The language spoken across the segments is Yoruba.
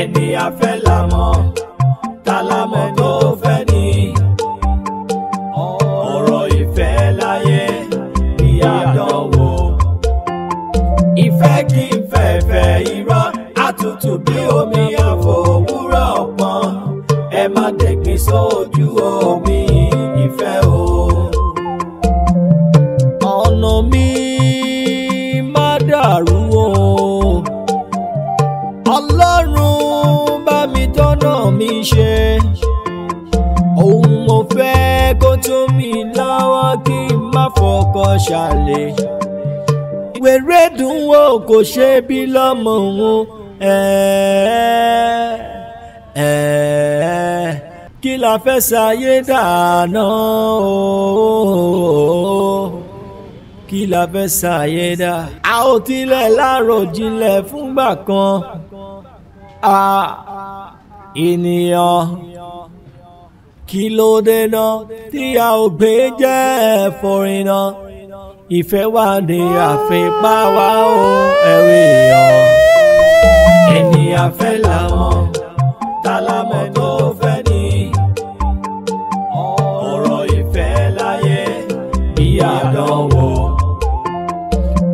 ẹni afẹ́ làmọ́ tálámọ́ tó fẹ́ ni ọ̀rọ̀ ìfẹ́ láyé ní àdánwò ìfẹ́ kí n fẹ̀fẹ̀ irọ́ àtútù bí omi àfòwúrọ̀ pọ́n ẹ má dẹ̀gbin sójú omi ìfẹ́ o ọ̀nà mi. ṣe òun mo fẹ́ kó tún mi lọ́wọ́ kí n má fọkọ ṣàlè wèrè dùn wò kò ṣe bí lọ́mọ òun kí la fẹ́ ṣayé dáná ooo kí la fẹ́ ṣayé dá. a ò tilẹ̀ láàrò fúngbà kan ènìyàn kí ló dènà tí a ò gbé jẹ́ fòrìnà ìfẹ́ wa ni àfipá wa ó ẹ̀rù èèyàn. ènìyàn fẹ́ làwọn tálámọ̀ tó fẹ́ ní ọ̀rọ̀ ìfẹ́ láyé bí àdánwò.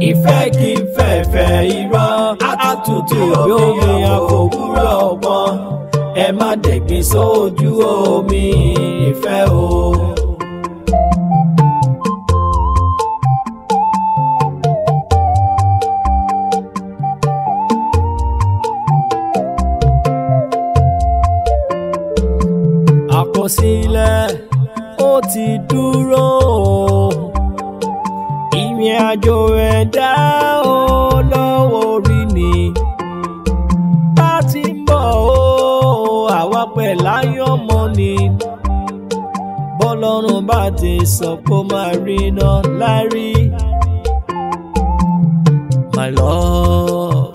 ìfẹ́ kì í fẹ́fẹ́ irọ́ àtúntì òbí àkókò rẹ̀ ọgbọ́n ẹ má dẹ̀gbin sójú omi ìfẹ́ o. àkọsílẹ̀ ó ti dúró ìrìn àjò ẹ̀dá o lọ́wọ́ rẹ̀. up early your morning bọ́lọ́run bá ti sọ pé ó máa rí iná lárí. my love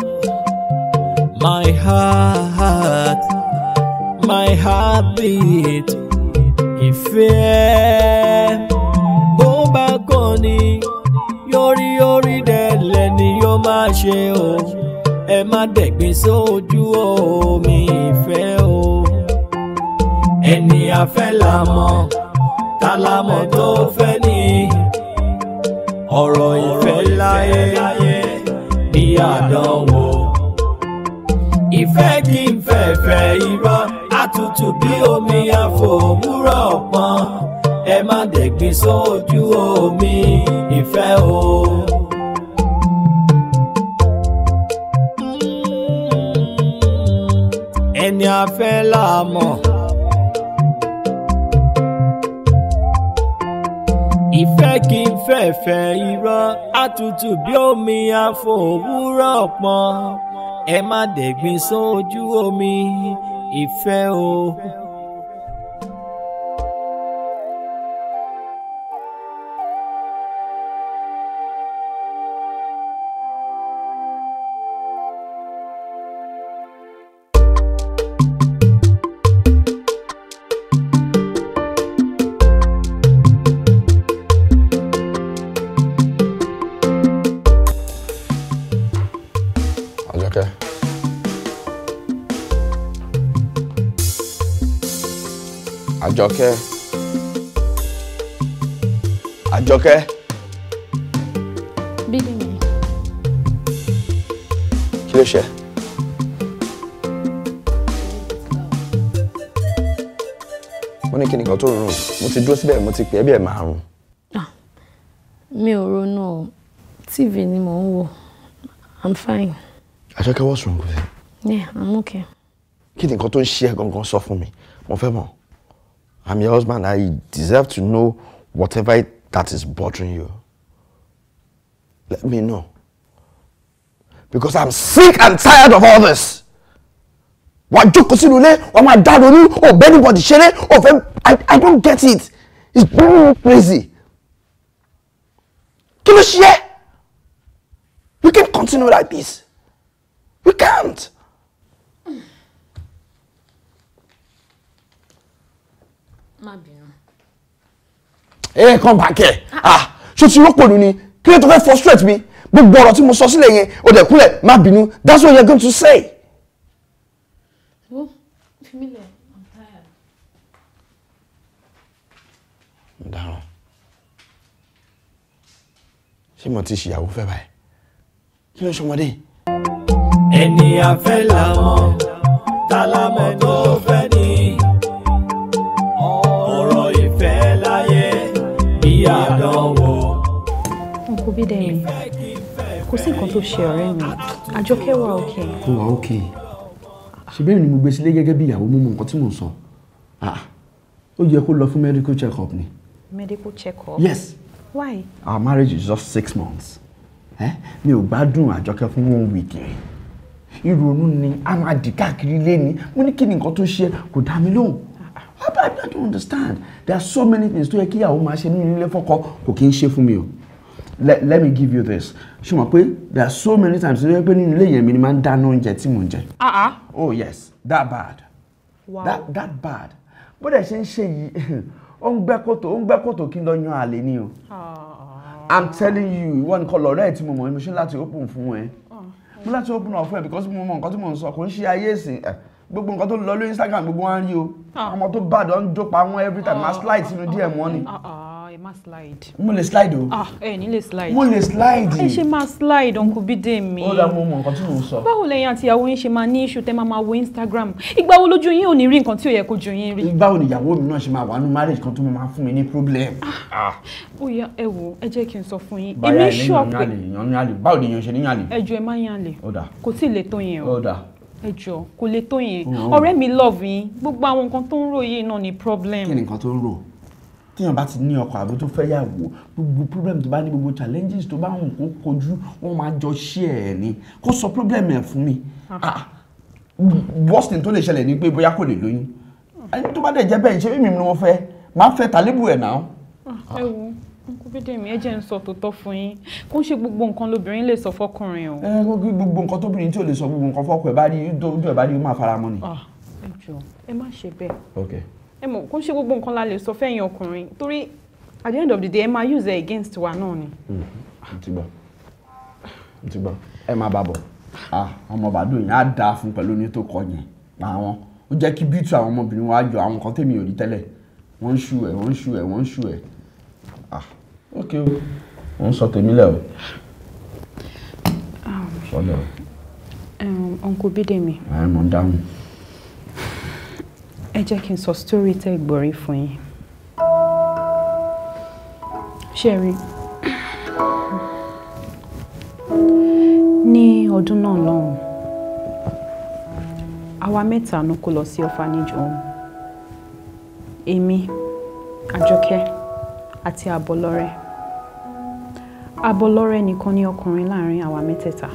my heart my heartbeat ìfẹ́ bó bá kàn ní yọrí yọrí dẹ̀lẹ̀ ni yóò máa ṣe o ẹ má dẹ̀gbin sójú omi ìfẹ́ o ẹni afẹ́ la mọ̀ ta la mọ̀ tó fẹ́ ni ọ̀rọ̀ ìfẹ́ láyé ní àdánwò ìfẹ́ kí n fẹ̀fẹ̀ irọ́ àtútù bí omi àfòmúrọ̀ pọ́n ẹ má dẹ̀gbin sójú omi ìfẹ́ o. ẹni afẹ́ la mọ̀. ìfẹ́ kí n fẹ̀fẹ̀ irọ́ àtútù bí omi àfòwúrọ̀ pọ́n ẹ má dẹ̀gbin sójú omi ìfẹ́ o. Oh. àjọkẹ́ àjọkẹ́. bílí mi. kí ló ṣe. mo ní kí nìkan tó rọrùn mo ti dúró síbẹ̀ mo ti pè é bí ẹ̀ márùn. mi ò ronú o tv ni mò ń wò i'm fine. àjọkẹ́ what's wrong with you. yeah i'm okay. kí nìkan tó ń ṣe ẹ gangan sọ fún mi mo fẹ́ mọ̀. I'm your husband. I deserve to know whatever that is bothering you. Let me know. Because I'm sick and tired of all this. Wàá jókòó sínú ilé, wàá máa dá or anybody share? ò I I don't get it. It's driving me crazy. Kí ló share? We can't continue like this. We can't. má bínú. ẹ kàn bá kẹ ah, ah ṣó ti rọ́pò lu ni kí ló tó fẹ́ frustrate mi gbogbo ọ̀rọ̀ tí mo sọ sílẹ̀ yẹn ó dẹ̀ kúlẹ̀ má bínú that's what you're going to say. wo fi mi lẹ i'm tired. ọ̀daràn ṣé mo ti ṣìyàwó fẹ́ báyìí kí ló ń ṣọmọdé. ẹni àfẹ́ làwọn tálámọ̀ tó fẹ́. Bídẹ́mi kò sí nǹkan tó ṣe ọ̀rẹ́ mi Àjọkẹ́ wà òkè. ó wà òkè ṣùgbọ́n ni mo gbé sílé gẹ́gẹ́ bí ìyàwó mo mọ nǹkan tí mò ń sọ ó yẹ kó lọ fún medical check up ni. medical check up. yes. why. our marriage is just six months. mi ò gbádùn Àjọkẹ́ fún one week ìrònú ni a máa dì káàkiri lẹ́ni mo ní kí ni nǹkan tó ṣe kò dá mi lóhùn I don't understand there are so many things tó yẹ kí ìyàwó máa ṣe nínú ilé fọ́kọ kò kí ń ṣe fún mi o let, let me give you this ṣe mọ̀ pé there are so many times ṣe pé nínú ilé yẹn mi ni máa ń dáná oúnjẹ tí mò ń jẹ. Ah, ah. oh yes that bad wow. that that bad bó dẹ̀ ṣe ń ṣe yìí ó ń gbẹ́ kòtò ó ń gbẹ́ kòtò kí n lọ yan àlè ni o ah. i'm telling you ìwọ nìkan lọ̀rẹ́ ẹ̀ tí mo mọ̀ mo ṣe láti open fún ẹ mo láti open up ẹ because mo mọ̀ nǹkan tí mo ń sọ kò ń ṣe ayé ìsìn ẹ̀ eh, gbogbo nǹkan tó lọ lórí Instagram gbogbo wọn rí o ọmọ tó bàdàn ń jó pa wọn every time máa slide sínú díẹ̀ mọ́ ẹ má slide. mo lè slide o. ah ẹ ní lè slide. mo lè slide. ẹ ṣe máa slide uncle Bídèmí. ó dá mo mọ nǹkan tí mò ń sọ. báwo lẹ̀yin àti ìyàwó yín ṣe máa ní iṣu tẹ́ máa máa wo Instagram ìgbà wo lójú yín ò ní rí nǹkan tí ò yẹ kó ju yín rí. báwo ni ìyàwó mi náà ṣe máa wà nínú marriage kan tó máa fún mi ní problem. Ah, ah. ó yá ẹ wò ẹ jẹ́ kí n sọ fún yín. báyà ẹ̀ lẹ́yìn ẹ jọ kò lè tó yẹn ọ̀rẹ́ mi love yín gbogbo àwọn nǹkan tó ń rò yìí náà ni problem. kí ni nǹkan tó ń rò téèyàn bá ti ní ọkọ àbí tó fẹ́ yàwó gbogbo problem tó bá ní gbogbo challenges tó bá ń kó kojú wọ́n máa jọ share ẹ̀ ni kó sọ problem ẹ̀ fún mi ah. Ah, worst thing tó lè ṣẹlẹ̀ ni pé bóyá kò lè lóyún ẹni tó bá dẹ̀ jẹ́ bẹ́ẹ̀ ṣé mímu ni mo fẹ́ máa fẹ́ tàlébù ẹ̀ náà. Ah, ẹ wo nkú bídèmí ẹ jẹ́ ń sọ tòótọ́ fún yín kó ń ṣe gbogbo nǹkan lóbìnrin lè sọ fọkùnrin o. ẹ eh, gbogbo nǹkan tóbìnrin tí ò lè sọ gbogbo nǹkan fọkùnrin bá rí ojú ẹ bá rí ó máa fara mọ́ ni. ẹ jọ̀ọ́ ẹ má ṣe bẹ́ẹ̀ ẹ mọ̀ kó ń ṣe gbogbo nǹkan la lè sọ fẹ́yìn ọkùnrin torí at the end of the day ẹ máa use it against wa náà ni. Mm-hmm. ti gbọ́ ti gbọ́ ẹ máa bá bọ̀ ọmọ bàdó yẹn á dáa fún pẹ̀lú ní tó kọ yẹn làwọn ó jẹ́ kí bíútù àwọn ọmọbìnrin wa jọ àwọn nǹkan tèmi ò rí tẹ́lẹ̀ wọ́n ń ṣú ẹ̀ wọ́n ń ṣú ẹ̀ wọ́n ń ṣú ẹ̀ ok o wọ́n sọ tèmi lẹ̀ o. ọ̀nkò bídèmí. ẹ̀ mọ̀ ń dáhùn ẹ jẹ́ kí n sọ sítórí tẹ́ gbọ́rí fún yín ṣe rí ní ọdún náà lọ́hùn àwa mẹ́ta ló kó lọ sí orphanage ọ̀hún èmi àjọkẹ́ àti àbọ̀lọ́rẹ́ àbọ̀lọ́rẹ́ nìkan ní ọkùnrin láàrin àwa mẹ́tẹ̀ẹ̀ta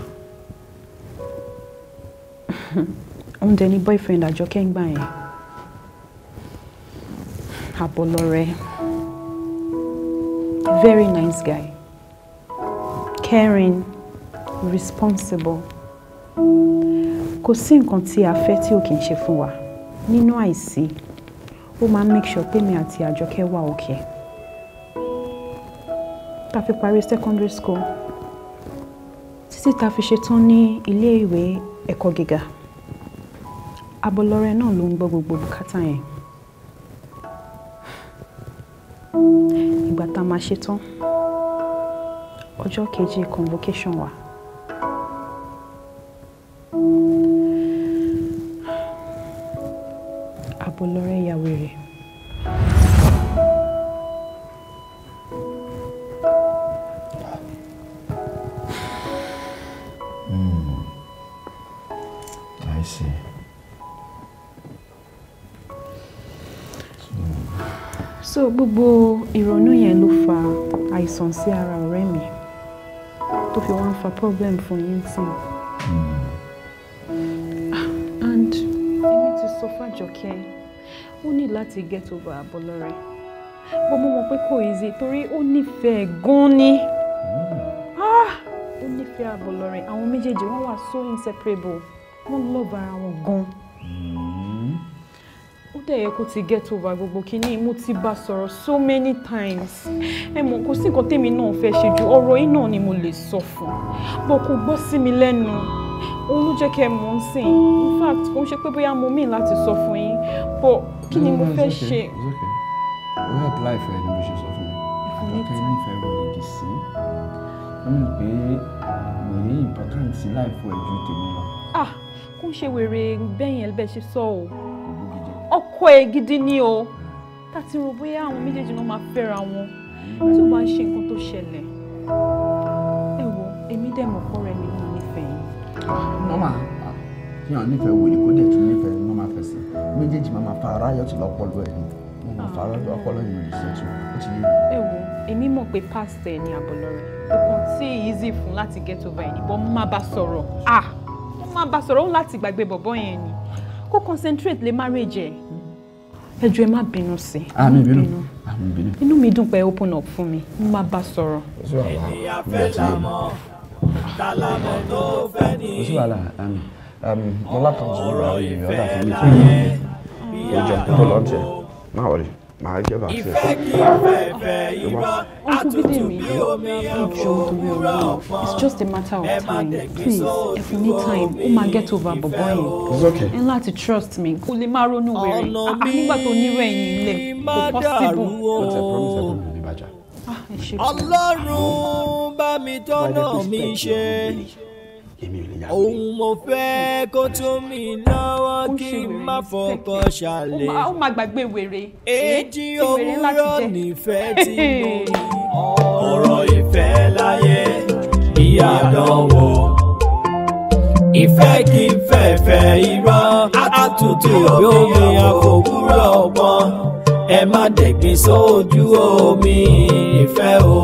òun dẹ̀ ní boyfriend àjọkẹ́ ń gbà yẹn. Abolore. Very nice guy. Caring, responsible. Kò sí nǹkan tí a fẹ́ tí ò kì í ṣe fún wa. Nínú àìsí, ó máa ń make sure pé mi àti Àjọkẹ́ wà òkè. Tá fi parí secondary school. Títí tá fi ṣetán ní ilé ìwé ẹ̀kọ́ gíga. Abolore náà ló ń gbọ́ gbogbo bùkátà yẹn. ìgbà tá máa ṣe tán ọjọ́ kejì convocation wa. àbò lọ́rẹ́ ìyàwó rẹ̀. I see. So, so gbogbo àìsàn sí ara ọ̀rẹ́ mi tó fi wá fa problem fún yín sí i hmm. ah, and èmi ti sọ fàjọkẹ́ ó ní láti get over Abọ́lọ́rẹ́ bó mo mọ̀ pé kò easy torí ó nífẹ̀ẹ́ gan ni hmm. ah, ó nífẹ̀ẹ́ Abọ́lọ́rẹ́ àwọn méjèèjì wọ́n wà so inseparable wọ́n love ara wọn gan dẹ̀ yẹ kó ti get over gbogbo kínní mo ti bá sọ̀rọ̀ so many times ẹ mọ̀ kò sí nǹkan tèmi náà fẹ́ ṣe ju ọ̀rọ̀ yìí náà ni mo lè sọ fún bó kò gbọ́ sí mi lẹ́nu òun ló jẹ́ kí ẹ mọ̀ ń sìn in fact kò ṣe pé bóyá mo mí láti sọ fún yín but kí ni mo fẹ́ ṣe. o help life ẹ ni mo ṣe sọ fún mi àdàkẹ́ nífẹ̀ẹ́ rẹ̀ lòdì sí wọ́n mọ̀ pé wèrè important life ẹ̀ tèmi lọ. ah kò ń ṣe wèrè bẹ́yẹn bẹ́ẹ̀ ṣe sọ o ọkọ ẹ̀ gidi ni o tàti rò bóyá àwọn méjèèjì náà máa fẹ́ra wọn tí ó bá ń ṣe nǹkan tó ṣẹlẹ̀ ẹ wo èmi dẹ̀ mọ̀ kọ́ rẹ̀ mi ní nífẹ̀ẹ́ yìí. nọ́mà fi hàn nífẹ̀ẹ́ wòlé kó dẹ̀ tún nífẹ̀ẹ́ ní nọ́mà fẹsẹ̀ méjèèjì máa fa aráyọ̀ tó lọ́pọ̀lọ ẹ̀ ni mo máa fa aráyọ̀ ọpọlọ yìí lè ṣètò ó ti yé mi. ẹ wo èmi mọ̀ pé past ẹ̀ ni àbọ̀lọ́rẹ̀ nǹkan tí easy fún láti get over ẹ̀ ni bọ́ máa bá sọ̀rọ̀ ah mo máa bá sọ̀rọ̀ ó láti gbàgbé bọ̀bọ́ yẹn ni kó concentrate lé marriage ẹ̀ ẹ jọ̀ọ́ ẹ má bínú sí i bínú inú mi dùn pé open up fún mi mo máa bá sọ̀rọ̀. ènìyàn fẹ́ lámọ́ tálámọ́ tó fẹ́ ní. kò sí wàhálà mo lápá ọ̀rọ̀ ìrìn ọ̀dà fún mi fún mi ojú ọ̀pọ̀ lọ́jọ́ máa wọlé màá jẹ́ vaccine. ìfẹ́ kì í fẹ̀fẹ̀ irọ́ àtútù bí omi ẹ̀fọ́ òwúrọ̀ ọ̀pọ̀. it's just a matter of time please if you need time ó máa get over bọ̀bọ̀ yẹn. it's okay. ẹ láti trust me kò lè má ronú wẹ̀rẹ̀ ah, nígbà tó nírú ẹ̀yìn ilẹ̀ kò possible. but I promise I won't be bàjá. ọlọ́run bá mi tọ́nà mi ṣe èmi ò lè yàgbé. òun mo fẹ́ kó tún mi lọ́wọ́ kí n má fọkọ ṣàlẹ̀. ó máa gbàgbé wèrè. èjì òwúrọ̀ nífẹ̀ tí mo rí. ọ̀rọ̀ ìfẹ́ láyé ní àdánwò. ìfẹ́ kì í fẹ̀fẹ̀ irọ́ àtúntò lómi àkòwúrọ̀ ọgbọ́n ẹ má dẹ̀gbin sójú omi ìfẹ́ o.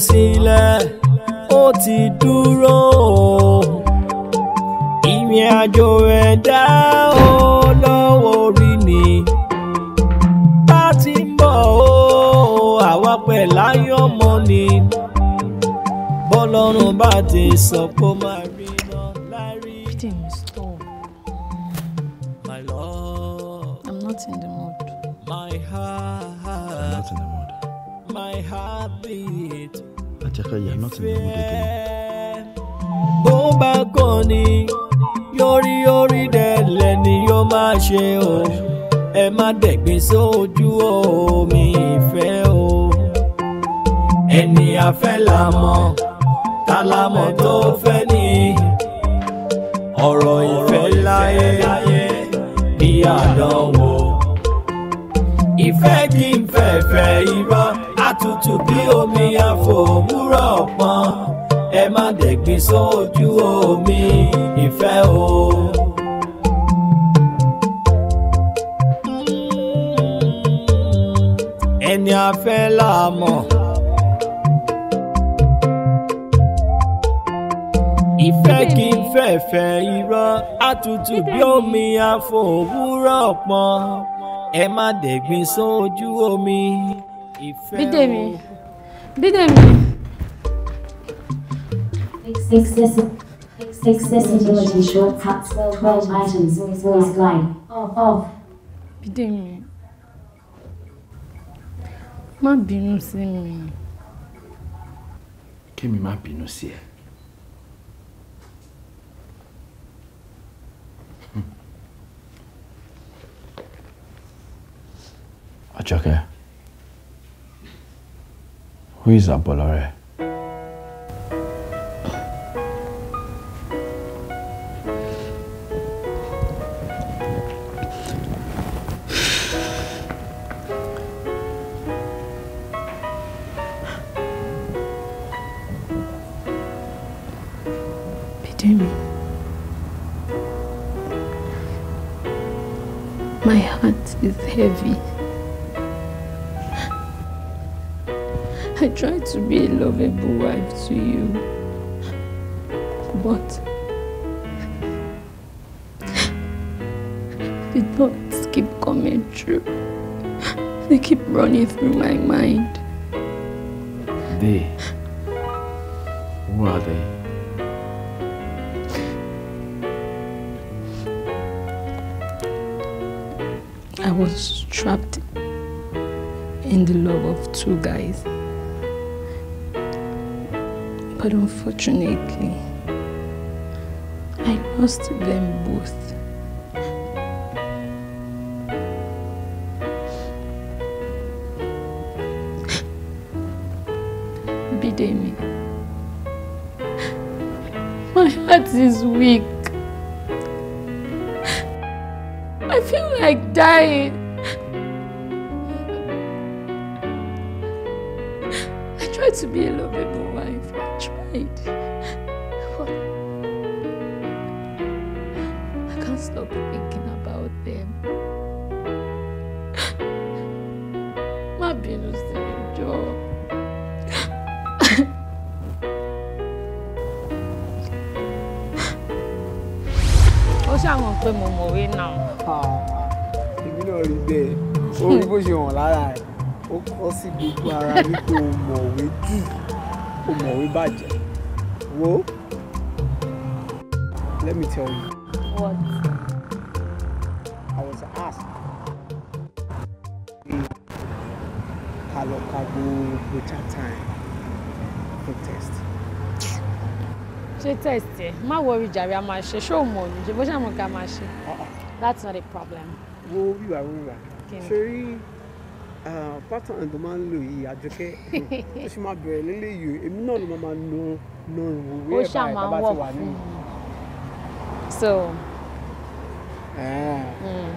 sílẹ̀ ó ti dúró ìrìn àjò ẹ̀dá ó lọ́wọ́ orí ni bá ti ń bọ̀ ó àwa pẹ̀ láyọ̀ mọ́ ni bọ́lọ́run bá ti sọ kó máa àtẹ̀kẹ́yà náà ti ní ọmọdé kìíní. bó bá kàn ní yọrí yọrí dẹ̀lẹ̀ ni yóò máa ṣe o ẹ má dẹ̀gbin sójú omi ìfẹ́ o. ẹni afẹ́ la mọ̀ ta la mọ̀ tó fẹ́ ni ọ̀rọ̀ ìfẹ́ láyé ní àdánwò ìfẹ́ kí n fẹ́ fẹ́ irọ́ tutù bí omi àfòwúrọ̀ ọ̀pọ̀n ẹ má dẹ̀gbin sójú omi ìfẹ́ o. ẹni afẹ́ là mọ̀. ìfẹ́ kì í fẹ̀fẹ̀ irọ́ àtútù bí omi àfòwúrọ̀ ọ̀pọ̀n ẹ má dẹ̀gbin sójú omi Bir bí dèmi bí dèmi. Accessibility shortcuts, 12 items, always glide, off, off. Bí dèmi. Má bínú sí mi. Kí mi má bínú sí ẹ. Who is Abolore? My heart is heavy. I tried to be a lovable wife to you, but the thoughts keep coming through. They keep running through my mind. They? Who are they? I was trapped in the love of two guys. But unfortunately, I lost them both. Bidemi, my heart is weak. I feel like dying. I try to be alone. pé mo mọ̀wé náà. èmi náà rí bẹ́ẹ̀ orí bó ṣe hàn lára ẹ̀ ó kọ́ sí gbogbo ara wípé o mọ̀wé jù o mọ̀wé bàjẹ́ wo let me tell you. what. latest ẹ̀ má wọrí jàre a máa ṣe ṣé o mọ̀ ní ṣe bó ṣàmù ká máa ṣe ah, ah. that's not a problem. wo wíwà wíwà sórí pattern tó máa ń lò yìí àjọkẹ́ ó sì máa bẹ̀rẹ̀ lélẹ́yìí èmi náà ló máa nu nu ìwé ẹ̀ báyìí bàbá ti wà nínú. so. Ah. Mm.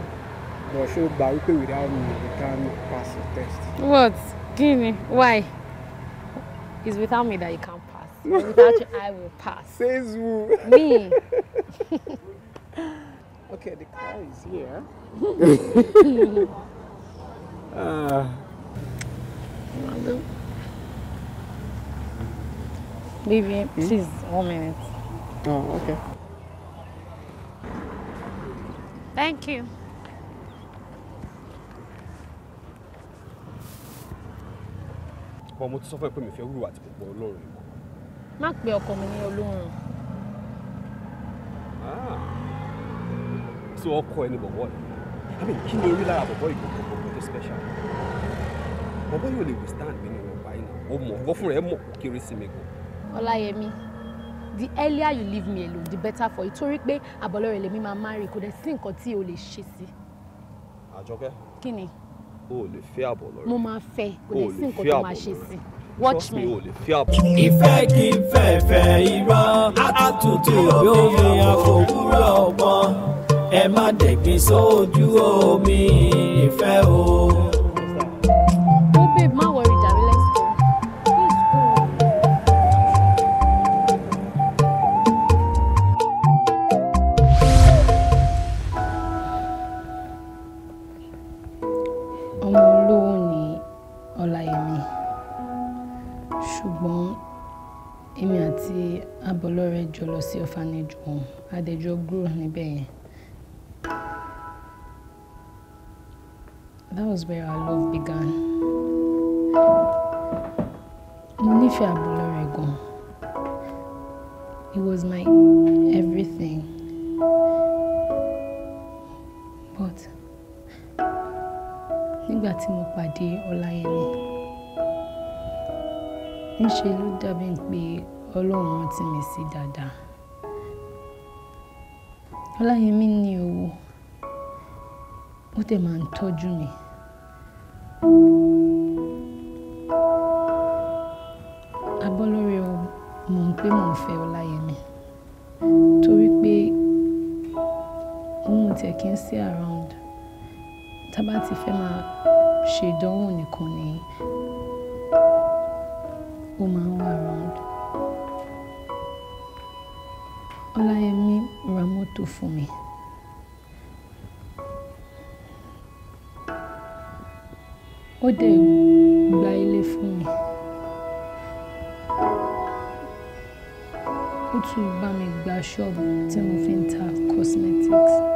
But ṣé o gbà wípé without me you can pass the test. what kí ni why it's without me that you can Without you, I will pass. Says who? Me. okay, the car is here. uh, Leave him. Hmm? She's one minute. Oh, okay. Thank you. Bom, mo ti sọ fún ẹ pé mi fẹ́ má pe ọkọ mi ní olóhùn. Ah. so ọkọ ẹni bọ̀bọ̀ yìí i mean kí ni orí lára bọ̀bọ̀ yìí gbogbo gbogbo tó special bọ̀bọ̀ yìí ò lè withstand mi nínú ọgbà yìí náà ó mọ̀ ọgbọ́n fúnra ẹ̀ mọ̀ kó kéré sí mi gan. ọláyẹmí the earlier you leave me alone the better for you torí pé àbọ̀lọ́rẹ̀ lèmi máa marry kò dẹ̀ sí nǹkan tí o lè ṣe sí. àjọkẹ́. kí ni. o ò lè fẹ́ àbọ̀lọ́rẹ̀. mo máa fẹ́ kò dẹ̀ sí nǹkan tó máa ṣe sí. o ò lè fẹ́ àbọ̀lọ́rẹ̀ Watch me. Ìfẹ́ kì í fẹ̀fẹ̀ irọ́, àtúntò yóò fi àfòwúrọ̀ wọn. Ẹ má dẹ̀gbin sójú omi ìfẹ́ o. adẹjọ grow níbẹ̀ yẹn. That was where our love began. Mo nífẹ̀ẹ́ àbúrò rẹ̀ gan. He was my everything. But nígbà tí mo pàdé Ọláyẹmí, níṣe ló dàbí pé Ọlọ́run rántí mi sí dáadáa. Ọláyẹmí ní owó ó dẹ̀ máa ń tọ́jú mi. Abọ́lórí o mọ̀ pé mò ń fẹ́ Ọláyẹmí torí pé òun tẹ̀ kí n sí around tá bá ti fẹ́ máa ṣe ìdánwò nìkan ni dẹ̀ gba ilé fún mi ó tún bá mi gba ṣọ́ọ̀bù tí mo fi ń ta cosmetics.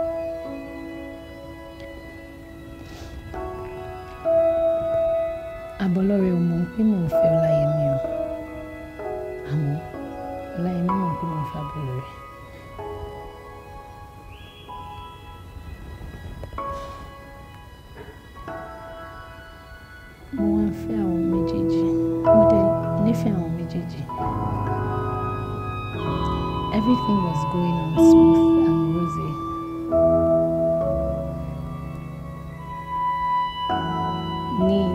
ní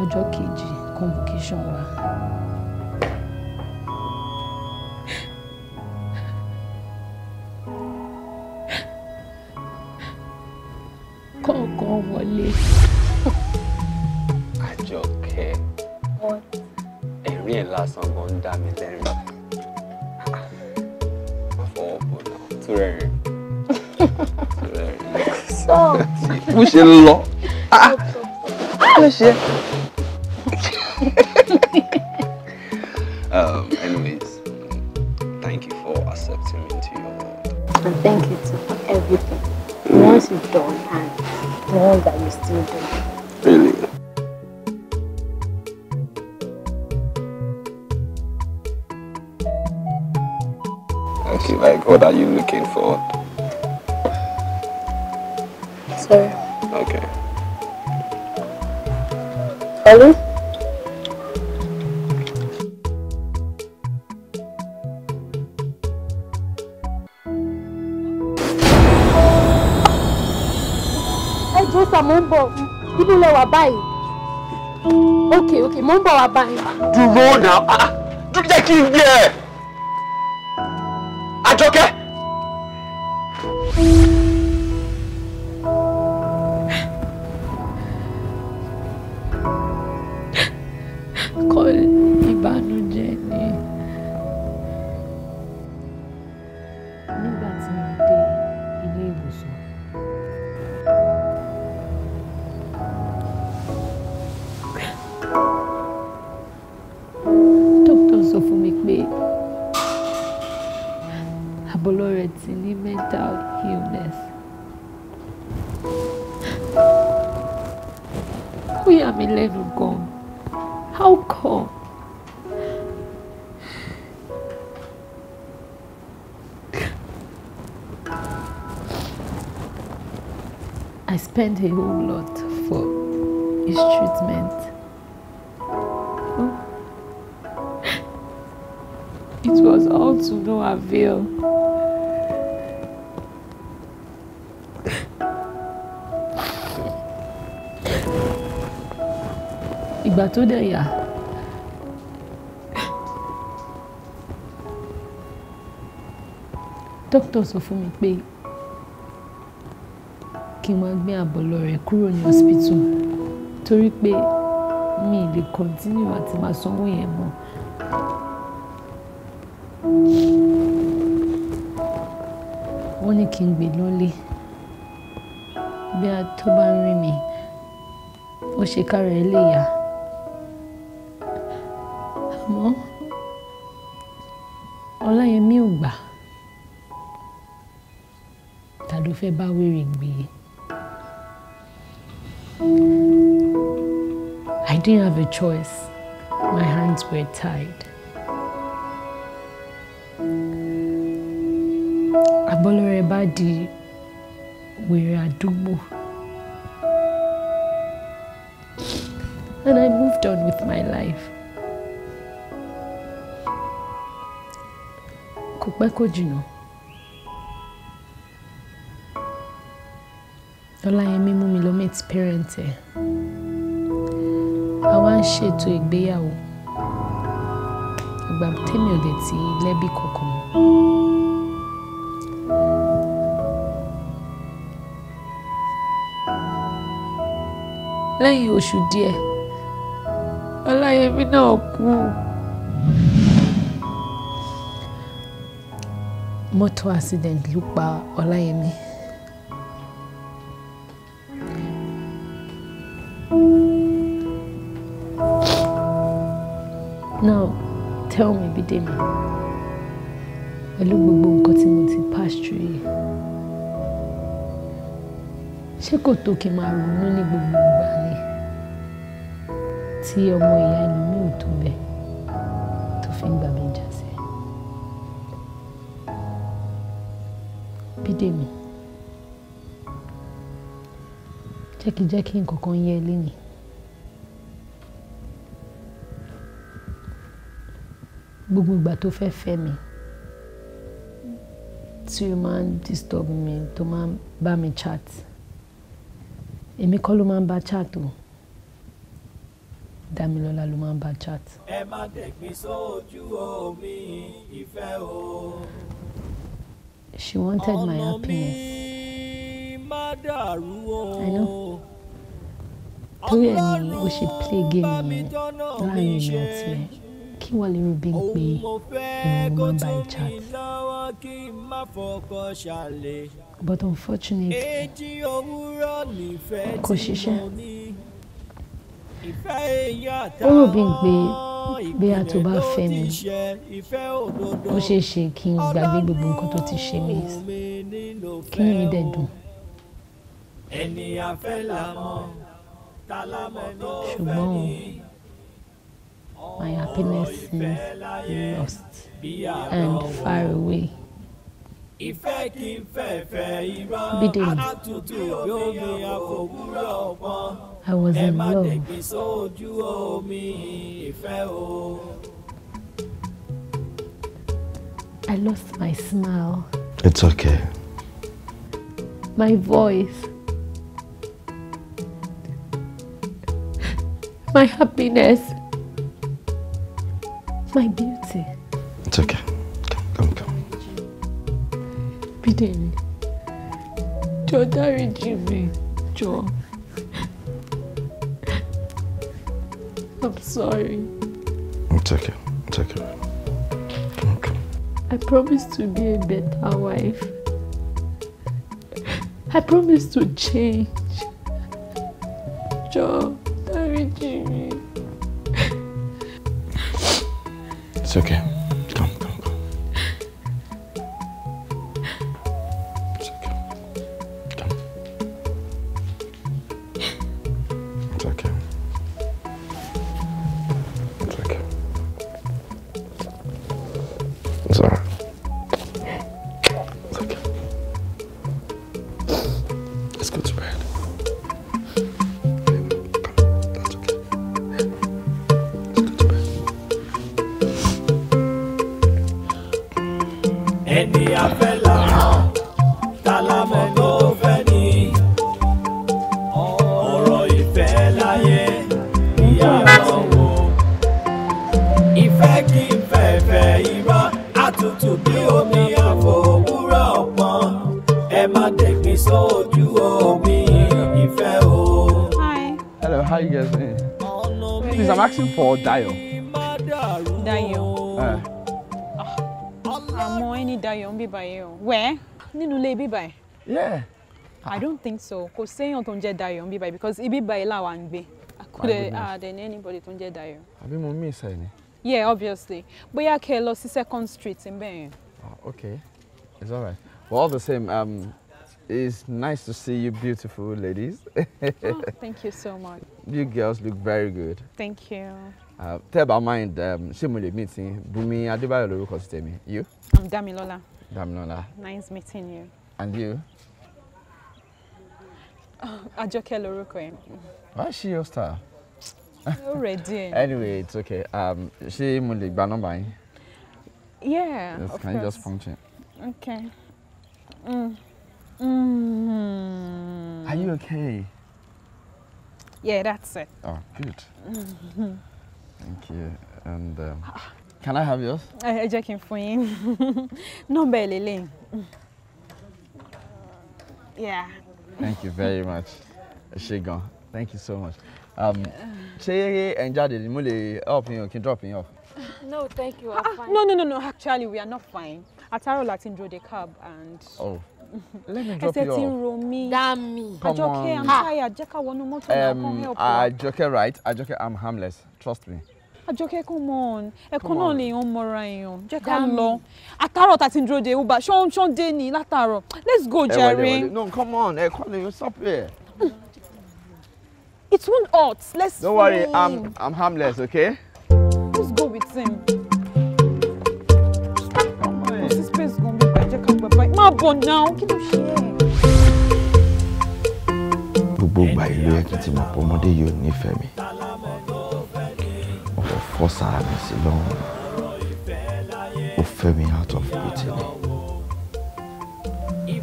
ọjọ́ kejì convocation wa. kọ̀ọ̀kan wọlé. àjọkẹ́ ẹ̀rín ẹ̀ lásán gan ń dá mi lẹ́rìn. àfọwọ́ ah. bò náà tó rẹ̀ rìn. bó ṣe ń lọ. mexer. ń bọ̀ wá báyìí. dúró náà ah, ah, jẹ́ kí n gbé spend a whole lot for his treatment. It was all to no avail. Ìgbà tó dẹ̀ yá. Dókítà sọ fún mi pé kí n wá gbé àbọ̀lọ rẹ̀ kúrò ní hospital torí pé mi lè continue àti máa sanwó yẹn mọ́. wọ́n ní kí n gbé lọ́lé bí a tó bá ń rí mi ó ṣe kára ẹ lè yá àmọ́ ọláyẹmí ò gbà ta ló fẹ́ bá wèrè gbé. a choice. My hands were tied. Aboloreba We are adumo. And I moved on with my life. Kò pẹ́ Ola emi Ọláyẹmí its parents Eh. a wá ń ṣètò ìgbéyàwó ìgbà tèmi ò dẹ̀ ti lẹ́bí kankan mọ́. lẹ́yìn oṣù díẹ̀ ọláyẹmí náà kú. Motor accident ló pa ọláyẹmí. dé mi pẹ̀lú gbogbo nǹkan tí mo ti pass through yìí ṣé kò tó kí n máa ronú ní gbogbo ìgbà ni tí ọmọ ìyá inú mi ò tó bẹ́ẹ̀ tó fi ń gbà mí jásẹ̀ Bídèmí jẹ́kijẹ́kí nǹkan kan yẹ lẹ́yìn. gbogbo ìgbà tó fẹ́ fẹ́ mi tí o máa ń disturb mi tó máa ń bá mi chat èmi kọ́ ló máa ń bá chat o Dámilọ́lá ló máa ń bá chat. ẹ má tẹ̀gbín sójú omi ìfẹ́ o. She wanted my happiness. I know. torí ẹ̀ we should play game yẹn láàrin ìrìn àti ẹ̀ kí wọ́n lè rí bí n pé ìmọ̀ máa ń chat. but unfortunately kò ṣiṣẹ́ ó rò bí n pé bí a tó bá fẹ́ mi ó ṣeé ṣe kí n gbàgbé gbogbo nǹkan tó ti ṣe mí kí n rí dẹ̀ dùn. ẹni afẹ́ làmọ́ ta tó fẹ́ ní. My happiness seems lost and far away. ìfẹ́ kì í fẹ̀fẹ̀ irọ́ àtútù òbí òwúrọ̀ i was in love. I lost my smile. It's okay. My voice. My happiness my duty. It's okay. Come, come, come. Bidemi. Jọ̀ọ́ dáríjì Jimmy. Joe. i I'm sorry. It's okay. It's okay. Come, come. I promise to be a better wife. I promise to change. Jọ̀ọ́, dáríjì Jimmy. It's okay. ojú omi ìfẹ́ o. Hi. Hello, how you guys doing? Please, I'm asking for Dayo. Dayo. Àmọ́ eh. ah, ẹni Dayo ń bíbá yẹn o. Wẹ́ẹ́ nínú ilé bíbá yẹn. Yeah. I don't think so. Kò séèyàn tó ń jẹ́ Dayo ń bíbá yẹn because ibíbá yẹn làwọn ń gbé. Could uh, ah, there anybody tó get jẹ́ Dayo? Àbí mo mí ni? Yeah, obviously. But kẹ́ ẹ lọ sí Second Street ń bẹ̀yẹn. Oh, ah, okay, it's all right. But all the same, um, It's nice to see you beautiful ladies. oh, thank you so much. You girls look very good. Thank you. Uh, tell about mind, um, ṣé mo lè meet yín? Bùnmi Adébáyọ̀ lórúkọ ti You? I'm Damilola. Damilola. Nice meeting you. And you? Oh, Àjọkẹ́ lórúkọ yẹn. Why is she your star? Already. anyway, it's okay. Um, ṣé mo lè Yeah, yes, of can course. you just punch it? Okay. Mm. Mm. Are you okay? Yeah, that's it. Oh, good. Mm-hmm. Thank you. And um, can I have yours? I joking for him. no Lee. Yeah. Thank you very much. Shigon. Thank you so much. Um, say and Jadi, Mule, up you can drop me off. No, thank you. I'm ah, fine. No, no, no, no. Actually, we are not fine. àtàrọ̀ láti ń dúró de cab and. Oh. Let me drop you off. Ẹsẹ̀ ti ń ro mi. Damn me. Come on. Àjọkẹ́, I'm tired. Jẹ́ ká wọnú mọ́tò náà kan um, help. Àjọkẹ́ right, Àjọkẹ́ I'm harmless, trust me. Àjọkẹ́ come on, ẹ̀kọ́ náà lèèyàn mọ́ra èèyàn, jẹ́ ká lọ. Àtàrọ̀ ta ti ń dúró de Uber, ṣọ́n ṣọ́n dé ní látàrọ̀. Let's go eh, jàre. No come on, ẹ̀kọ́ eh, lèèyàn stop here. It won't hurt, let's Don't worry, I'm, I'm harmless, okay? Let's go with him. jẹ́ ká gbà báyìí má bọ̀ náà kí ló ṣe é. gbogbo ìgbà ìlú ẹ kì í ti mọ̀ mi mo fẹ́ fọ́ sára mi sí lọ́rùn ó fẹ́ mi out of pity ni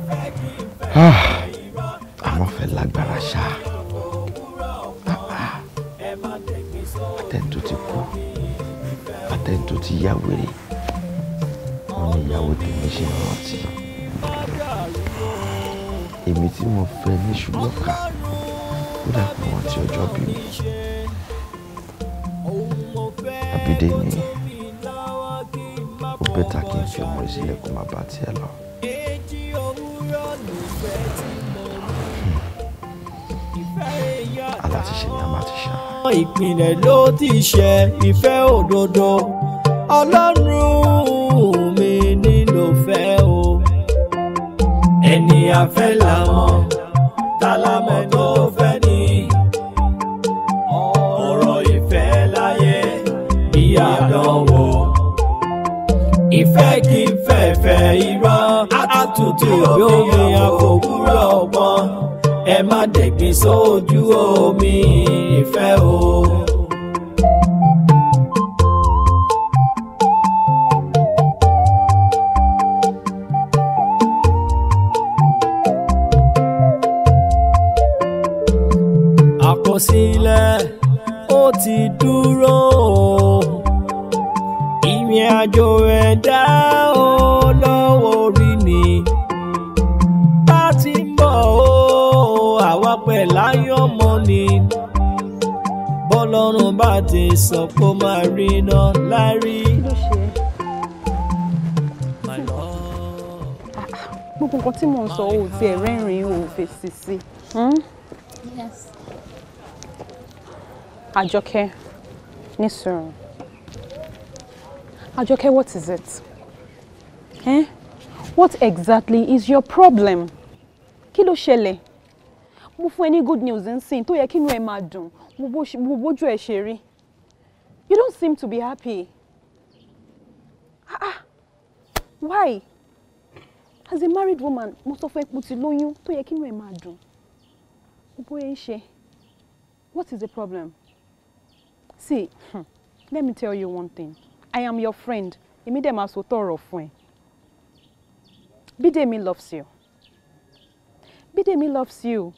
àmọ́ ah, fẹ́ lágbára ṣáá ah, ah. àtẹ̀ntò ti kú àtẹ̀ntò ti yá wèrè àwọn ìyàwó tèmi ṣe rántí èmi tí mo fẹ́ ní ṣùgbọ́n ó dàpọ̀ wọn ti ọjọ́ bí mi àbídé ni ó bẹ́tà kí n fi ọmọ ìsílẹ̀ kó má bá tiẹ̀ lọ. alátiṣe ló ti ṣe ìfẹ́ òdodo ọlọ́run. Ajoke, ní Ajoke, what is it? Eh? What exactly is your problem? Kilo ló ṣẹlẹ̀? Mo fún ẹ good news nsìn tó yẹ kí inú ẹ máa dùn, mo bójú ẹ ṣe rí. You don't seem to be happy. Ah ah! Why? As a married woman, mo sọ fún ẹ pé mo ti lóyún tó yẹ kí inú ẹ máa Mo bóyá ń ṣe. What is the problem? See, hmm, let me tell you one thing. I am your friend. Èmi dẹ̀ máa sòótọ́ ọ̀rọ̀ fún loves you. Bidemi loves you.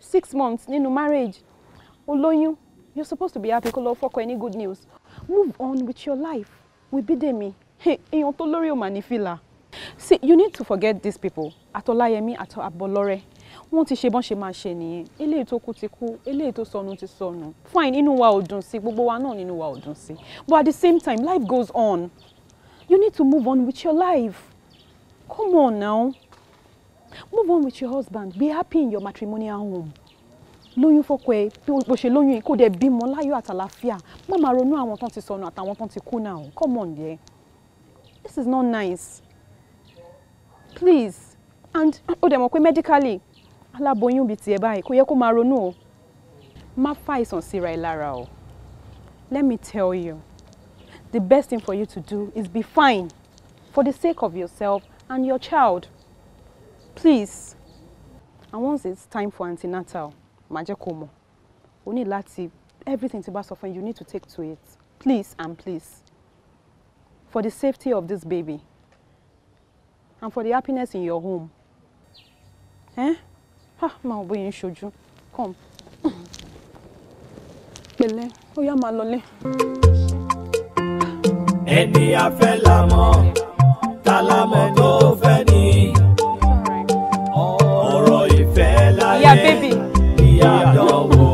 Six months nínú marriage. Olóyún, you're supposed to be happy kó lọ fọ́kọ good news. Move on with your life with Bidemi. Hey, tó lórí ò mà ní See, you need to forget these people. Àtọ́láyẹmí àtọ́ Àbọ̀lọ́rẹ́ wọ́n ti ṣe bọ́n ṣe máa ṣe nìyẹn eléyìí tó kú ti kú eléyìí tó sọnù ti sọnù fine inú wa ò dùn sí gbogbo wa náà nínú wa ò dùn sí but at the same time life goes on you need to move on with your life come on now move on with your husband be happy in your matrimonial home lóyún fọkọ ẹ bó ṣe lóyún yìí kó dẹ bímọ láyọ̀ àtàlàfíà má máa ronú àwọn tán ti sọnù àtàwọn tán ti kú náà come on there this is not nice please and ó dẹ̀ mọ̀ pé medically aláboyún bíi tiẹ̀ báyìí kò yẹ kó máa ronú o má fàìsàn síra ẹ lára o let me tell you the best thing for you to do is be fine for the sake of yourself and your child please and once it's time for antenatal má jẹ́ kó mọ̀ o ní láti everything tí bá sọ fún you need to take to it please and please for the safety of this baby and for the happiness in your home. Eh? ah máa wọ bóyá ṣojú come pẹ̀lẹ́ ó yá máa lọlé. ẹni a fẹ́ la ta la tó fẹ́ ni ọ̀rọ̀ ìfẹ́ láyé ìyá àdánwò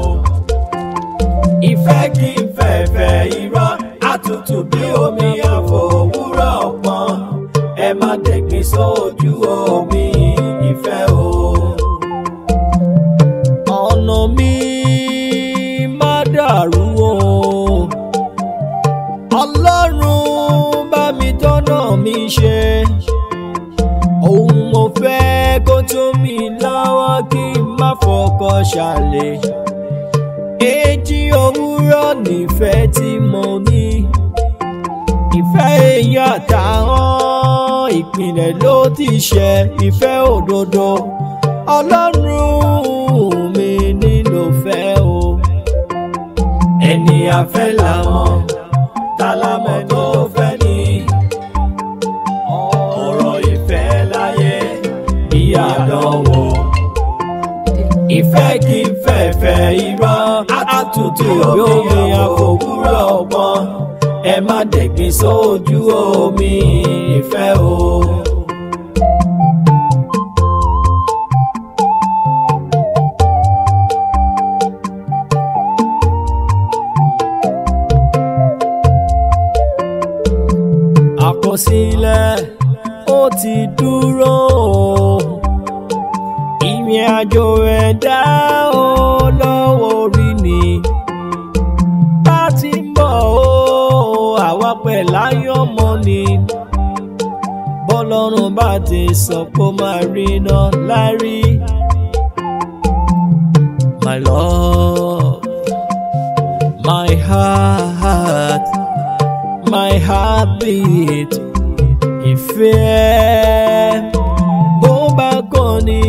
ìfẹ́ kì í fẹ̀fẹ̀ irọ́ àtútù bí omi àfòwúrọ̀ pọ́n ẹ má dẹ̀gbin sójú omi. ọlọ́run bá mi tọ́nà mi ṣe òun mo fẹ́ kó tún mi lọ́wọ́ kí n má fọkọ ṣàlè èjì òwúrọ̀ nífẹ̀ẹ́ tí mo ní ìfẹ́ èèyàn àtàwọn ìpìlẹ̀ ló ti ṣe ìfẹ́ òdodo ọlọ́run mi nílò fẹ́ o ẹni àfẹ́ làwọn alámọ̀ tó fẹ́ ni ọ̀rọ̀ ìfẹ́ láyé bí àdánwò ìfẹ́ kì í fẹ̀fẹ̀ irọ́ àtútù omi àfòwúrọ̀ ọgbọ́n ẹ má dẹ̀gbin sójú omi ìfẹ́ o. sílẹ̀ ó ti dúró ìrìn àjò ẹ̀dá ó lọ́wọ́ orí ni bá ti ń bọ̀ ó àwa pẹ̀ láyọ̀ mọ́ ni bọ́lọ́run bá ti sọ pé ó máa rí iná lárí. My love, my heart, my heart heartbeat nífẹ̀ẹ́ bó bá kàn ní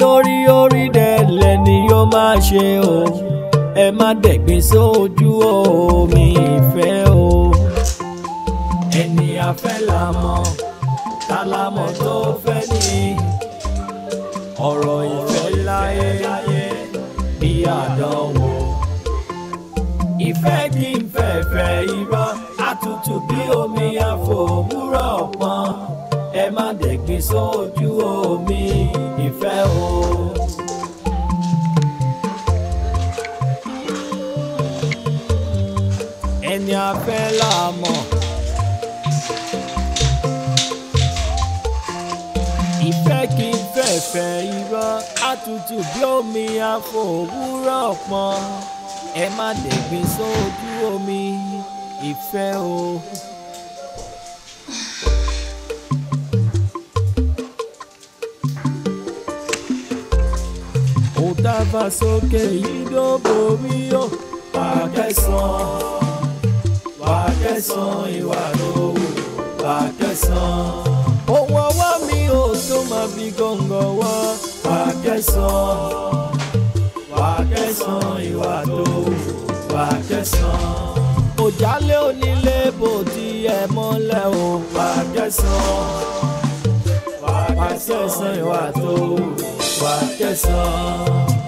yọrí orí dẹ̀lẹ̀ ni yóò máa ṣe o ẹ má dẹ̀gbin sójú omi ìfẹ́ o. ẹni afẹ́ la mọ̀ ta la mọ̀ tó fẹ́ ni ọ̀rọ̀ ìfẹ́ láyé bí àdánwò ìfẹ́ kí n fẹ́ fẹ́ irọ́ tutù bí omi àfòwúrọ̀ pọ́n ẹ má dẹ̀gbin sójú omi ìfẹ́ o. ẹni afẹ́ là mọ̀. ìfẹ́ kì í fẹ̀fẹ̀ irọ́ àtútù bí omi àfòwúrọ̀ pọ́n ẹ má dẹ̀gbin sójú omi ìfẹ́ o. òtàfà sókè ìdóbò mi yó pàkẹ́sàn pàkẹ́sàn ìwà lówó pàkẹ́sàn. ohun ọwọ́ mi ò tó máa fi gọ̀ǹgọ̀ wá pàkẹ́sàn pàkẹ́sàn ìwà lówó pàkẹ́sàn kò jálé onílé bò tiẹ̀ mọ́lẹ̀ o. wàkẹ́sàn wàkẹ́sàn ìwà tó wàkẹ́sàn.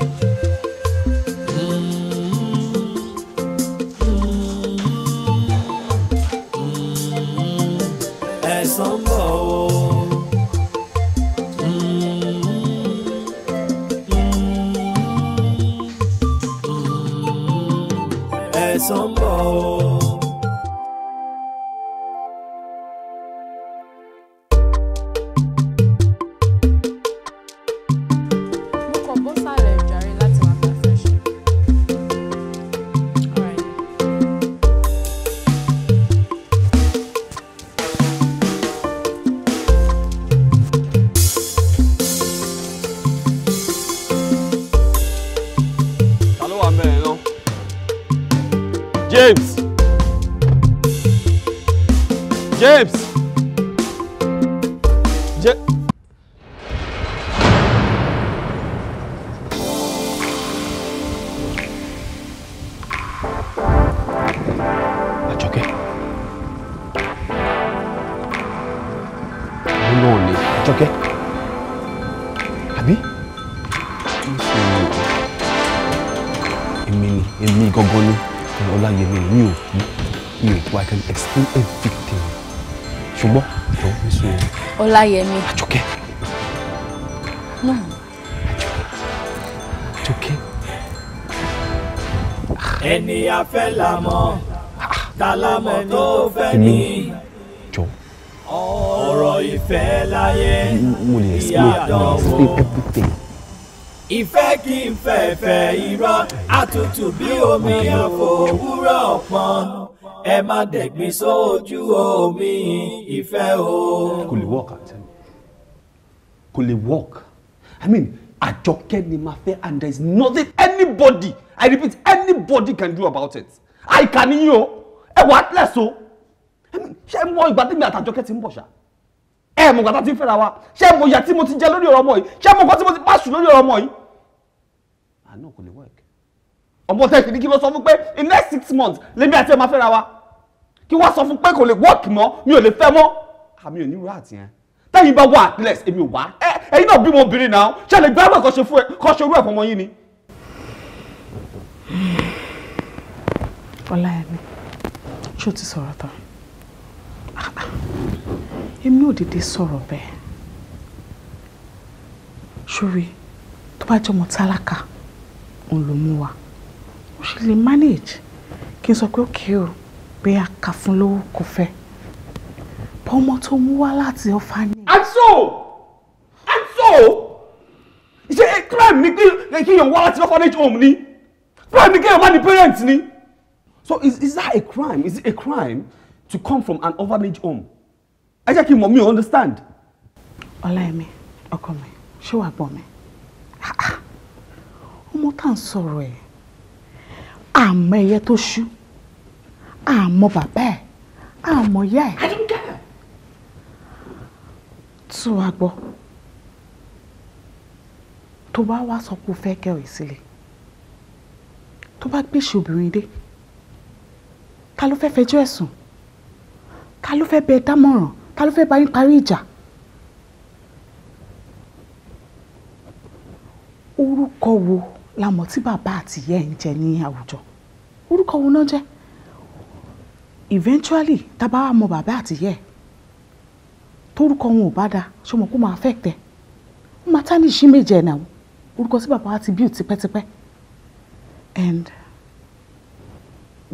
Ọláyẹmí. Àjọkẹ́. No. Àjọkẹ́. Ẹni a fẹ́ la mọ̀, ta la mọ̀ tó fẹ́ ni. Jọ. Ọ̀rọ̀ ìfẹ́ láyé, ìyàdánwò. Ìfẹ́ kí n fẹ̀fẹ̀ irọ́, àtútù bí omi àfòwúrọ̀ pọn ẹ má dẹ̀gbin sójú omi ìfẹ́ o. kò lè wọ́ọ̀ka kò lè work i mean àjọkẹ́ ni máa fẹ́ and there is nothing anybody i repeat anybody can do about it àìkà nìyí o ẹ wà atlas o ṣé mọ ìgbà tí mi àtàjọkẹ́ ti ń bọ̀ ṣá ẹ mọ ìgbà tá a ti ń fẹ́ra wa ṣé mọ ìyà tí mo ti jẹ lórí ọ̀rọ̀ ọmọ yìí ṣé mọ nǹkan tí mo ti pàṣù lórí ọ̀rọ̀ ọmọ yìí know ah, kò lè work ọmọ tẹ kìdí kí ló sọ fún pé in next six months lèmi àti ẹ máa fẹ́ra wa kí wọ́n sọ fún pé kò lè work mọ́ mi ò lè fẹ́ mọ́ àmì ah, ò ní rú àtìyẹn tẹ́yìn bá wà at least èmi ò wá ẹ̀yin náà bímọ obìnrin náà ṣe lè gbàgbà kọ́ ṣe fún ẹ kọ́ ṣe orú ẹ̀ fọmọ yín ni. ọláyẹmí ṣó ti sọ̀rọ̀ tán èmi ò dédé sọ̀rọ̀ bẹ́ẹ̀ ṣúrí tó bá jọmọ tálákà òun ló mú wa mo ṣe lè manage kí n sọ pé ó kí o pé a kà fún lówó kò fẹ́ bọ́mọ tó mú wá láti ọ̀fánì. àtò àtò ṣe crime ni kí èèyàn wá láti orphanage home ni crime ni kí èèyàn ní parents ni. so is is that a crime is it a crime to come from an orphanage home ẹ jẹ́ kí n mọ̀ mi ò understand. ọláyẹmí ọkọ mi ṣé wàá gbọ́ mi ọmọ tá à ń sọ̀rọ̀ ẹ̀ àmọ́ ẹyẹ tó ṣú àmọ́ bàbá ẹ̀ àmọ́ yá ẹ̀. I don't get tú wa gbọ́ tó bá wá sọ pé o fẹ́ kẹ̀wé sílẹ̀ tó bá gbèsè obìnrin dé ta ló fẹ́ fẹjọ́ ẹ̀sùn ta ló fẹ́ bẹ dámọ̀ràn ta ló fẹ́ bá yín parí ìjà orúkọ wo la mọ̀ tí bàbá àti ìyá ẹ̀ ń jẹ ní àwùjọ orúkọ wo náà jẹ́ eventually tá a bá wà mọ̀ bàbá àti ìyá ẹ̀ torúkọ wọn ò bá da ṣé mo kó máa affect ẹ ó máa tání ìṣí méje ẹ̀ náà orúkọ tí bàbá wa ti build tipẹ́tipẹ́ and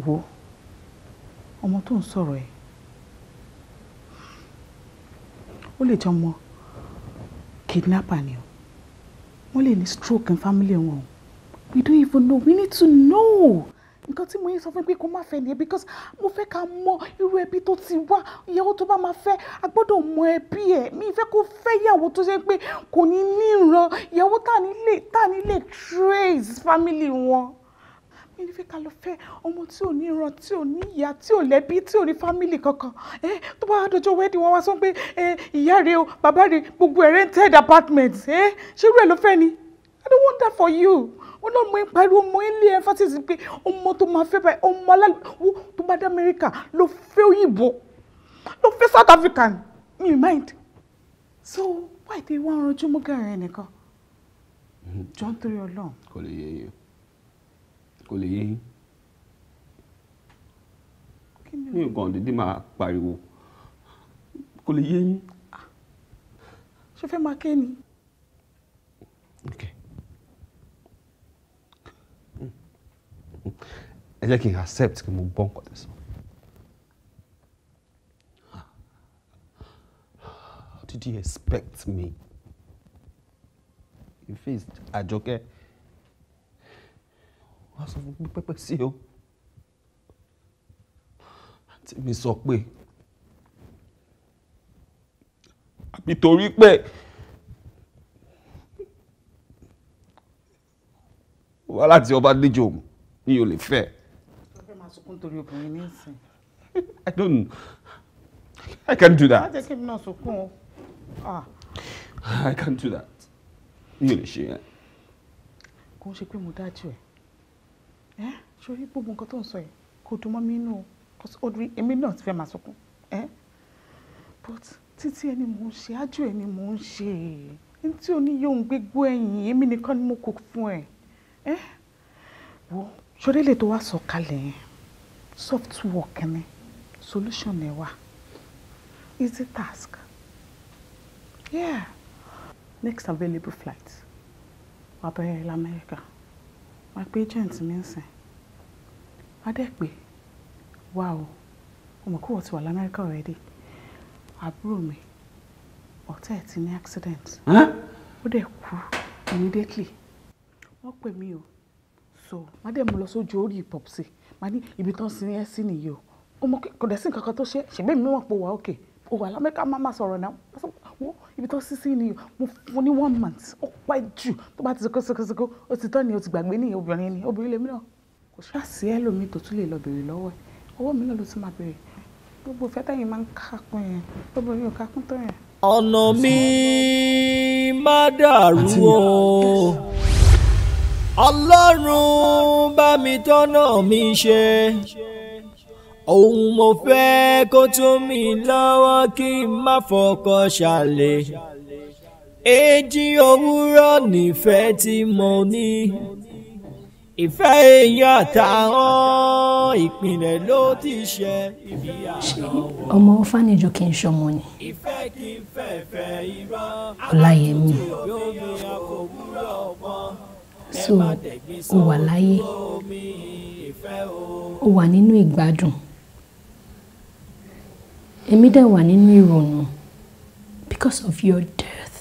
wo ọmọ tó ń sọ̀rọ̀ ẹ̀ ó lè jẹ́ ọmọ kidnapper ni o wọ́n lè ní stroke in family wọn o we don't even know we need to know nǹkan tí mo yín sọ fún pé kó má fẹ́ nìyẹn because mo fẹ́ ká mọ irú ẹbí tó ti wá ìyàwó tó bá máa fẹ́ a gbọ́dọ̀ mọ ẹbí ẹ̀ mi ìfẹ́ kó fẹ́ ìyàwó tó ṣe pé kò ní níran ìyàwó tá ní lè tá ní lè trace family wọn mi ní fẹ́ ká lọ fẹ́ ọmọ tí ò ní ìran tí ò ní ìyá tí ò lẹ́bí tí ò ní family kankan ẹ tó bá dọjọ́ wẹ́ẹ̀dì wọn wá sọ pé ìyá rẹ o bàbá rẹ gbogbo ẹ̀ rented apartment ẹ ṣé irú ẹ̀ ló fẹ́ ni I don't want that for you ọlọ́mọ ẹ̀ pariwo ọmọ ẹ̀ lé emphasis pé ọmọ tó máa fẹ́ báyìí ọmọ aláwọ̀ tó bá dé Amẹ́ríkà ló fẹ́ òyìnbó ló fẹ́ South African mi mind so why dey wá ranjú mọ́ gàrí ẹ̀ nìkan jọ ń torí ọlọ́run. kò lè yé yín kò lè yé yín ní nǹkan dídí máa pariwo kò lè yé yín. Ah. ṣé o fẹ́ máa ké ni. okay. ẹ jẹ́ kí n accept kí mo gbọ́ nǹkan tẹ̀sán. How did you expect me? In fact, Àjọkẹ́ wọ́n sọ fún mi pẹ́pẹ́ sí o. Àǹtí mi sọ pé àbí torí pé wá láti ọba díjọ́ òun mi ò lè fẹ́. o máa sunkún torí obìnrin ní ìsìn. I don't I can't do that. má jẹ́ mi náà sunkún o. Ah. I can't do that. mi ò lè ṣe yẹn. kò ń ṣe pé mo dájú ẹ ẹ sórí gbogbo nǹkan tó ń sọ yìí kò dùn mọ́ mi inú o èmi náà ti fẹ́ máa sunkún ẹ but títí ẹni mò ń ṣe ájú ẹni mò ń ṣe ní tí ń gbégbó ẹ̀yìn èmi nìkan ni mo kò fún ẹ ẹ wo ṣọlẹ́lẹ̀ tó wá sọ kalẹ̀ soft softwork ni solution ẹ̀ wà easy task yeah next available flight wà bẹ̀rẹ̀ lamẹ́ríkà wà pé agent mi ń sìn wà dẹ̀ pé wà o ọmọ kò wọ́n ti wà lamẹ́ríkà already àbúrò mi ọ̀tá ẹ̀ ti ní accident ó dẹ̀ kú immediately wọ́n pè mí o so má dẹ̀ mo lọ sójú orí ìpọ̀pùsì má ní ibi tán sin ẹ́ sí nìyí o ọmọ kò dẹ̀ sí nǹkan tó ṣe ṣègbè mi wọ̀n pò wá òkè o wà lámẹ́ká má má sọ̀rọ̀ náà wo ibi tán sí sí nìyí mo fún ní one month ó pẹ́ jù tó bá ti sọ́kọ́ sọ́kọ́ sọ́kọ́ ó ti tọ́ ni o ti gbàgbé nìyẹn obìnrin ni obìnrin lèmi náà kò ṣáà sí ẹ lómi tó tún lè lọ bèrè lọ́wọ́ ẹ owó mi náà ló tún máa bèrè gbogbo ìfẹ́ máa ń kákún yẹn gbogbo yìí ò kákún tó yẹn. ọ̀nà mi má dàrú o ọlọ́run bá mi tọ́nà mi ṣe òun mo fẹ́ kó tún mi lọ́wọ́ kí n má fọkọ ṣàlè èjì òwúrọ̀ nífẹ̀ẹ́ tí mo ní ìfẹ́ èèyàn àtàwọn ìpìlẹ̀ ló ti ṣe ṣé ọmọ fanejo kì í ṣọmọ ni. ọláyẹmí so o wà láyé o wà nínú ìgbádùn èmi dẹ̀ wà nínú ìrònú because of your death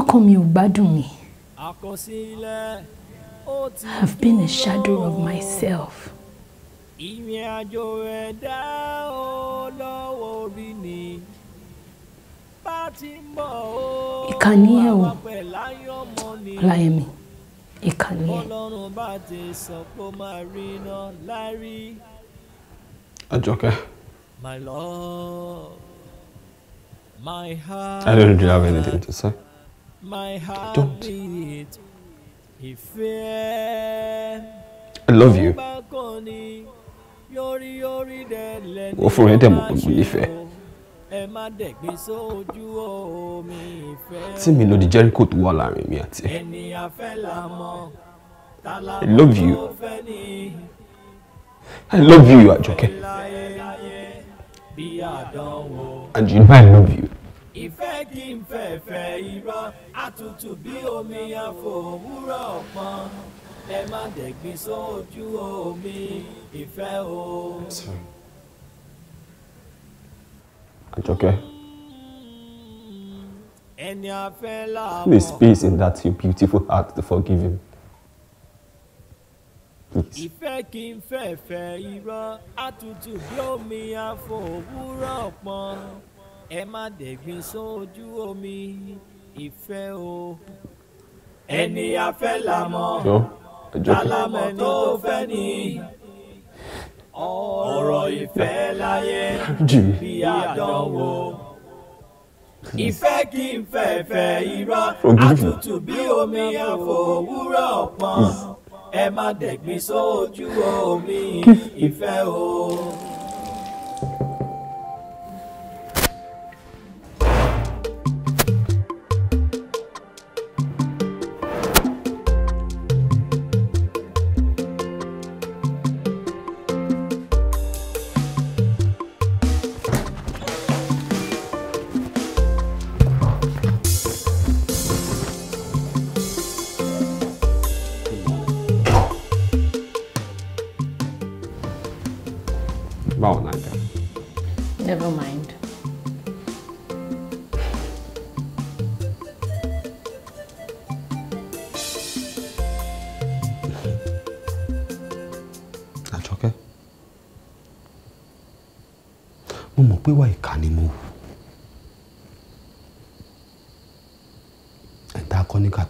ọkàn mi ò gbádùn mi I've been a shadow of myself. ìrìn àjò ẹ̀dá ò lọ́wọ́ orí ni bá ti ń bọ̀ ó ìkànnì o láyé mi ìkànnì ẹ. I don't really have anything to say. my heart don't. I love you. wọ́n fún mi tẹ̀ mọ́ pé ẹ má dẹ̀gbin tí mi ló di Jericho tó wà láàrin mi àti ẹ. ẹni afẹ́ la I love you, Ajoke. And you know I love you. Ìfẹ́ kí n fẹ̀fẹ̀ irọ́, àtútù bí omi àfòwúrọ̀ pọ́n. Ẹ má dẹ̀gbin sójú omi ìfẹ́ o. Sorry. Àjọkẹ́. Leave a space in that your beautiful heart to forgive him. Please. Ìfẹ́ kì í fẹ̀fẹ̀ irọ́, àtútù bí omi àfòwúrọ̀ pọ́n. Ẹ má dẹ̀gbin sójú omi, ìfẹ́ o. Ẹni afẹ́ la mọ̀, tó fẹ́ ni ọ̀rọ̀ ìfẹ́ láyé bí àdánwò ìfẹ́ kí n fẹ̀fẹ̀ irọ́ àtútù bí omi àfòwúrọ̀ pọ́n ẹ má dẹ̀gbin sójú omi ìfẹ́ o.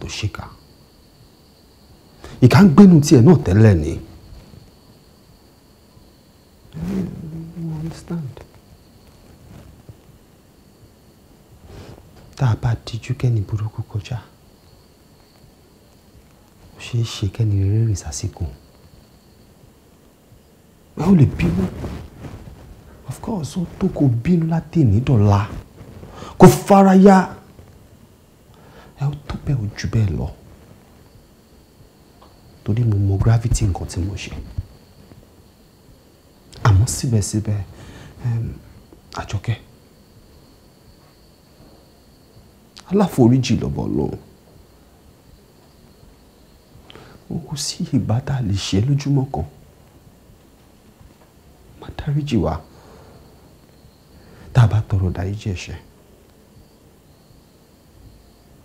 tó ṣìkà ìkà ń gbénu tiẹ̀ náà tẹ́lẹ̀ ni. tá a bá dijú kẹ́ni burúkú kọjá ó ṣeé ṣe kẹ́ni rere rìn sásìkò ẹ ò lè bínú of course ó tó kò bínú láti ní dọ̀la kò faraya bẹ́ẹ̀ ó ju bẹ́ẹ̀ lọ torí mo mọ gravity nǹkan tí mo ṣe àmọ́ síbẹ̀síbẹ̀ ehm, àjọkẹ́ aláforíjì lọ́bọ̀ lọ́hùn o kò sí ìbá tá a lè ṣe lójúmọ́ kan má dáríjì wá tá a bá tọrọ dáríjì ẹ̀ṣẹ̀.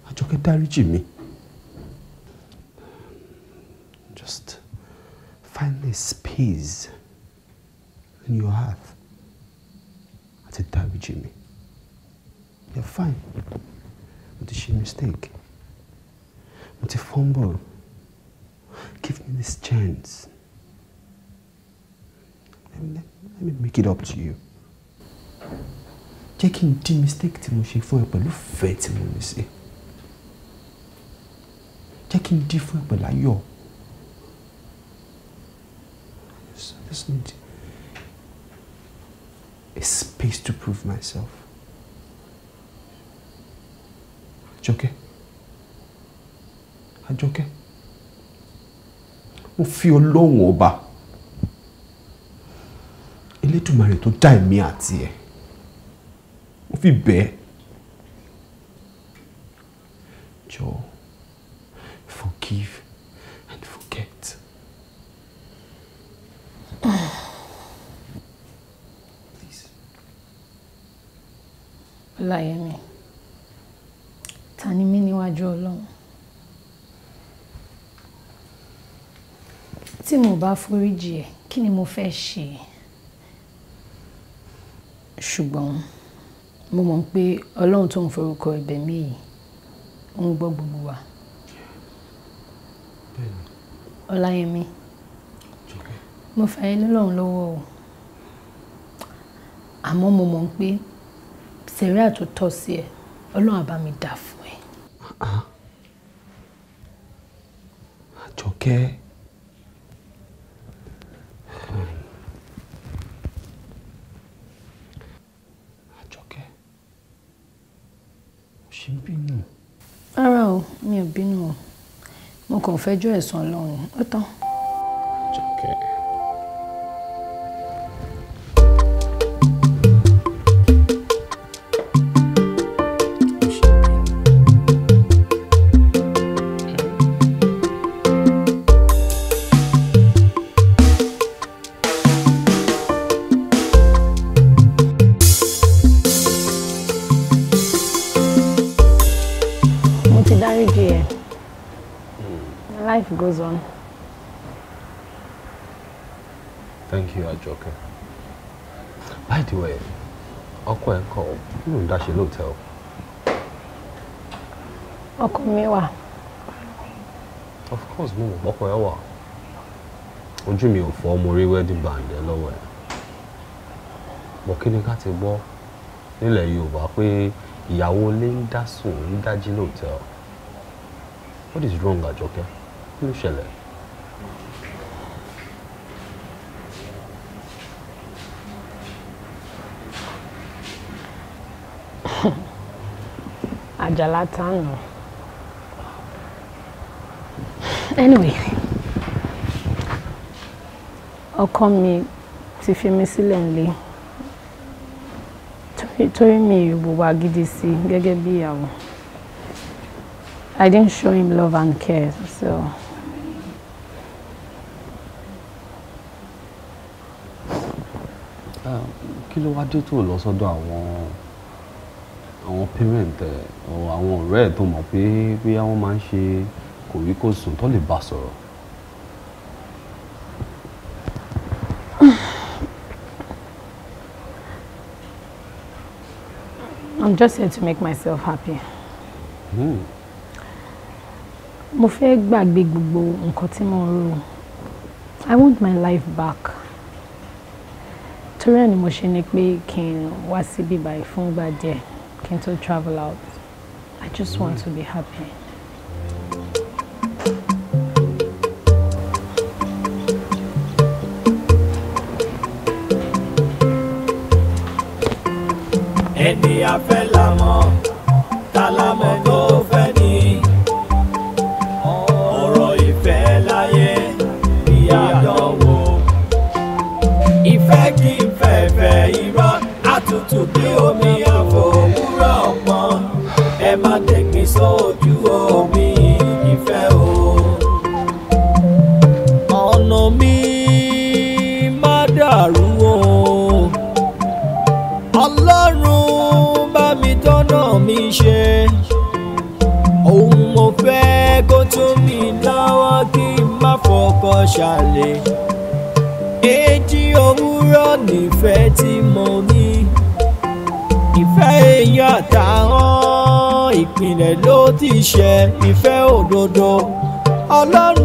Àjọkẹ́ dáríjì Jimmy, Just find this space in your heart I said, dáríjì Jimmy, You're fine. But ti ṣe mistake. but ti fumble. Give me this chance. Let me, let me make it up to you. jẹ́ kí mistake tí mo for fún ẹ pẹ̀lú fẹ́ jẹ́ kí n dí fún ẹ pẹ̀lú I need a space to prove myself Àjọkẹ́ Àjọkẹ́ mo fi Ọlọ́run ọba Elédùmarè tó dá èmi àti ẹ mo fi bẹ́ẹ̀ jọ̀ọ́ forgive and forget. Please. Ọláyẹmí, tani ni mí níwájú Ọlọ́run? Tí mo bá foríjì ẹ̀, kí mo fẹ́ ṣe? Ṣùgbọ́n mo mọ̀ pé Ọlọ́run tó ń forúkọ ẹ̀bẹ̀ mi yìí, ó gbogbo wa ọláyẹmí mo fà yín lọ́lọ́run lọ́wọ́ o àmọ́ mo mọ̀ pé sẹ̀ríà tó tọ́ sí ẹ ọlọ́run àbá mi dà fún ẹ. àjọkẹ́ ah, àjọkẹ́ ah, mo ṣe ń bínú. rárá o mi ò bínú o mo kàn fẹ́ jọ ẹ̀sán Ọlọ́run ó tán. goes on. Thank you, Ajoke. By the way, ọkọ ẹ kọ nínú ìdáṣe lóòótọ́. Ọkọ mi wà. Of course, Mumu. mọ̀ ọkọ ẹ You mean mi ò wedding band ẹ lọ́wọ́ ẹ. Mo kí ni ká ti gbọ́ nílẹ̀ Yorùbá pé ìyàwó ilé ń dá sùn ń dájí lóòótọ́. What is wrong, Ajoke? kí ló ṣẹlẹ̀. àjàlá tánù anyway ọkọ mi ti fi mí sílẹ̀ nílé torí mi ìwà gidi sí gẹ́gẹ́ bí I didn't show him love and care so. kí ló wá dé tó lọ sọ́dọ̀ àwọn àwọn parent ẹ̀ àwọn ọ̀rẹ́ tó mọ̀ pé bóyá wọ́n máa ń ṣe kòríkòsùn tó lè bá sọ̀rọ̀. I'm just here to make myself happy. Mm. Mo fẹ́ gbàgbé gbogbo nǹkan tí mo rò. I want my life back torí ẹ̀ ni mo ṣe ni pé kí n wá síbí báyìí fún ìgbà díẹ̀ kí n tó travel out I just want to be happy. ẹni afẹ́ la mọ̀. ṣe òun mo fẹ́ kó tún mi lọ́wọ́ kí n má fọkọ ṣàlẹ̀ èjì òwúrọ̀ nífẹ̀ẹ́ tí mo ní ìfẹ́ èèyàn àtàwọn ìpìlẹ̀ ló ti ṣe ìfẹ́ òdodo ọlọ́run.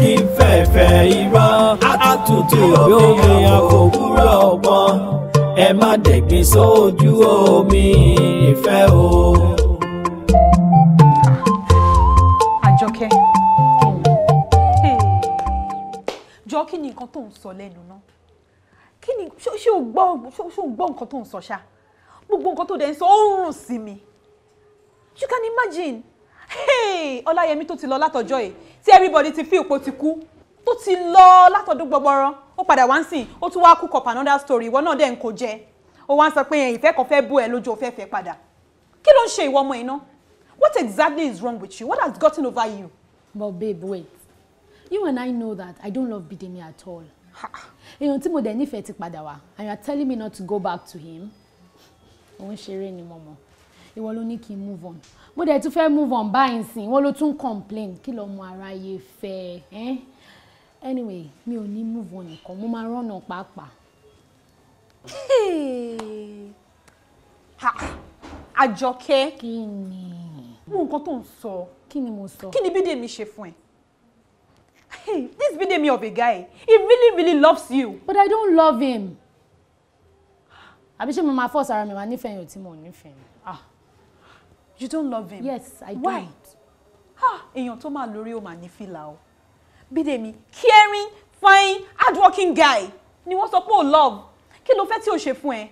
kí n fẹ̀fẹ̀ irọ́ àtúntì òbí àkòwúrọ̀ ọgbọ́n ẹ má dẹ̀gbin sójú omi ìfẹ́ o. àjọkẹ́ jọ kí ni nǹkan tó ń sọ lẹ́nu náà kí ni ṣé o gbọ́ ṣé o gbọ́ nǹkan tó ń sọ ṣá gbogbo nǹkan tó dẹ̀ ń sọ ó ń rùn sí mi you can imagine hey ọláyẹmí tó ti lọ látọjọ́ yìí tí everybody ti fi ipò ti kú tó ti lọ látọdún gbọgbọrọ ó padà wá ń sìn ó tún wá cook up another story ìwọ náà dẹ̀ ń kó jẹ ó wá ń sọ pé ìfẹ́ kan fẹ́ bú ẹ lójú òfẹ́ fẹ́ padà kí ló ń ṣe ìwọ ọmọ ẹ what exactly is wrong with you what has gotten over you. but babe wait you and I know that I don't love Bidemi at all èèyàn tí mo dẹ̀ nífẹ̀ẹ́ ti padà wá and you are telling me not to go back to him òun ṣeré ni mo mọ̀ ìwọ ló ní kí n move on mo dẹ̀ tún fẹ́ move on báyìí sìn wọ́n ló tún complain kí lọ́ mọ ara yẹ fẹ́ ẹ́ anyway mi ò ní move on nìkan mo máa rọ́nà pàápàá. àjọkẹ́ kí ni. mo nǹkan tó ń sọ. kí ni mo sọ. kí ni mi ṣe fún ẹ. Hey, this bídèmí of a guy he really really loves you. but I don't love him. àbí ṣé mo máa force ara mi wá nífẹ̀ẹ́ yàn tí mo nífẹ̀ẹ́ ah you don't love him. yes i do. Why? don't. ha èèyàn tó máa lórí ó máa ní fìlà o Bídèmí caring fine hardworking guy ni wọ́n sọ pé o love kí ló fẹ́ tí o ṣe fún ẹ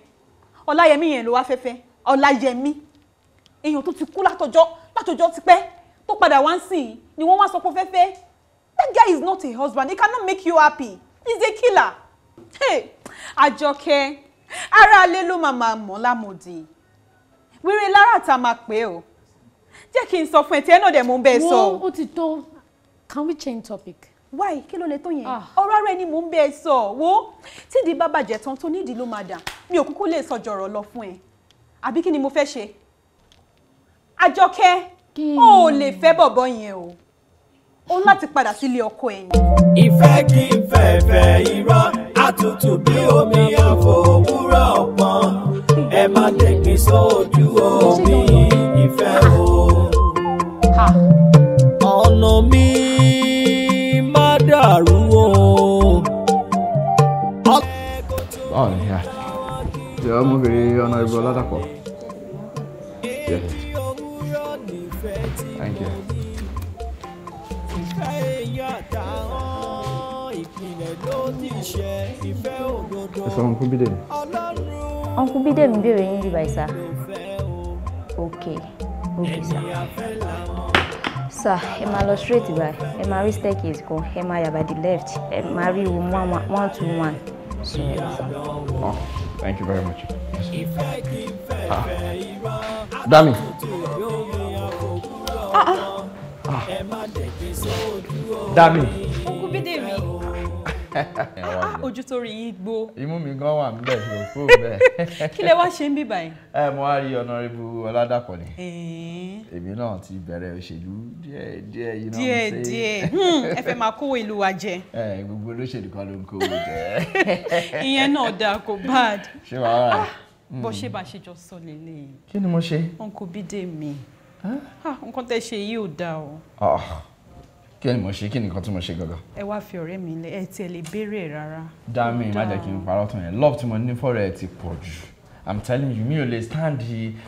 Ọláyẹmí yẹn ló wá fẹ́fẹ́ Ọláyẹmí èèyàn tó ti kú látọjọ́ látọjọ́ tipẹ́ tó padà wá ń sìn ni wọ́n wá sọ pé fẹ́fẹ́ that guy is not a husband he cannot make you happy he's a killer. Hey, Àjọkẹ́ aráalé ló máa máa mọ̀ lámòdì wíwí lára ta máa pè o jẹ́ kí n sọ fún ẹ ẹ náà dẹ̀ mò ń bẹ́ẹ̀ sọ. wo ó ti tó can we change topic. why kí ló lè tó yẹn ah. ọ̀rọ̀ ara ẹni mò ń bẹ́ẹ̀ sọ wo tí ìdí bá bàjẹ́ tán tó nídìí ló máa dà mi ò kúkú lè sọ jọ̀rọ̀ lọ fún ẹ àbí kí ni mo fẹ́ ṣe àjọkẹ́ o ò lè fẹ́ bọ̀bọ̀ yẹn o òun láti padà sílé ọkọ ẹ̀yìn. ìfẹ́ kì í fẹ́ fẹ́ irọ́ àtútù bí omi àfọ̀ òwúrọ̀ ọ̀pọ̀n ẹ má tẹ̀gbìn sójú omi ìfẹ́ o. ọ̀nà mi má dàrú o. báwo ni ọmọbìnrin ọ̀nà ìbọn ládàpọ̀. Yeah. Uncle, sọ ọ̀nkú bídè mi. ọ̀nkú bídè mi béèrè yín rí báyìí sá òkè òkè sá sá ẹ máa lọ straight báyìí ẹ máa rí staircase kan ẹ máa yà by the left ẹ máa rí room one one two one so ẹ lọ sá. oh thank you very much. ah dami. ah ah. ah. dami. Uncle, bídè mi ojú tó rí yín gbó. imú mi gan wà níbẹ̀ ló fò bẹ́ẹ̀. kí lẹ wá ṣe ń bí báyìí. ẹ mo wá rí ọ̀nàrẹ́bù ọládàpọ̀ ni èmi náà ti bẹ̀rẹ̀ òṣèlú díẹ̀ díẹ̀ yìí náà ń ṣe. díẹ̀ díẹ̀ hmm, ẹ fẹ́ máa kówó ìlú wa jẹ. ẹ gbogbo olóṣèlú kan ló ń kówó jẹ. ìyẹn náà dáa kò bad. ṣé wàá rà. Ah, hmm. bó ṣe bá ṣe jọ sọ lélẹ̀. kí ni mo ṣe. uncle Bídèmí ah, nǹkan tẹ́ ṣe yìí ò dáa o. Ah kí ni mo ṣe kí ni nǹkan tí mo ṣe gangan. ẹ wá fi ọ̀rẹ́ mi lé ẹ tí ẹ lè béèrè rárá. dá mi má jẹ́ kí n parọ́ tán yẹn love tí mo ní fọ́rọ̀ ẹ ti pọ̀ jù i'm telling you mi ò lè stand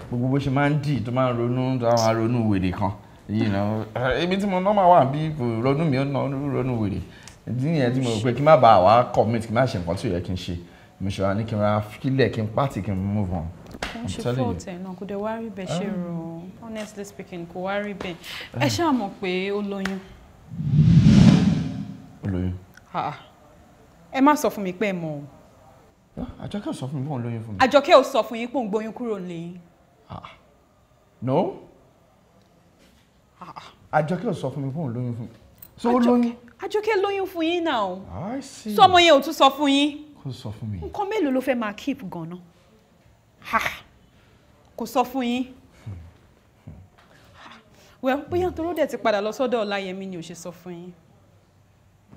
gbogbo bó ṣe máa ń dì tó máa ń ronú tó máa ń ronú wèrè kan you know èmi tí mo normal wà bí kò ronú mi ó ná ronú wèrè ìdí nìyẹn tí mo pé kí má bàa wá commit kí má ṣe nǹkan tí ò yẹ kí n ṣe mo ṣe wá ní kí n ra kílẹ̀ kí n pàtì kí n move on kò ń ṣe fault ẹ̀ náà kò dé wá rí bẹ́ẹ̀ ṣe rò ah. honestly speaking kò wá rí bẹ́ẹ̀ ẹ ah. ṣáà mọ̀ pé ó lóyún olóyún. ẹ má sọ fún mi pé ẹ mọ̀ o. àjọkẹ́ ò sọ fún mi pé òun lóyún fún mi. àjọkẹ́ ò sọ fún yín pé òun gbóyún kúrò nílé. no àjọkẹ́ ò sọ fún mi pé òun lóyún fún mi. so ó lóyún. àjọkẹ́ lóyún fún yín náà. i see. sọmọ yẹn ò tún sọ fún yín. kò sọ fún mi. nǹkan mélòó ló fẹ́ máa keep gan-an kò sọ fún yín wẹ́ bóyá toró dẹ̀ ti padà lọ sọ́dọ̀ ọláyẹmí ni ò ṣe sọ fún yín.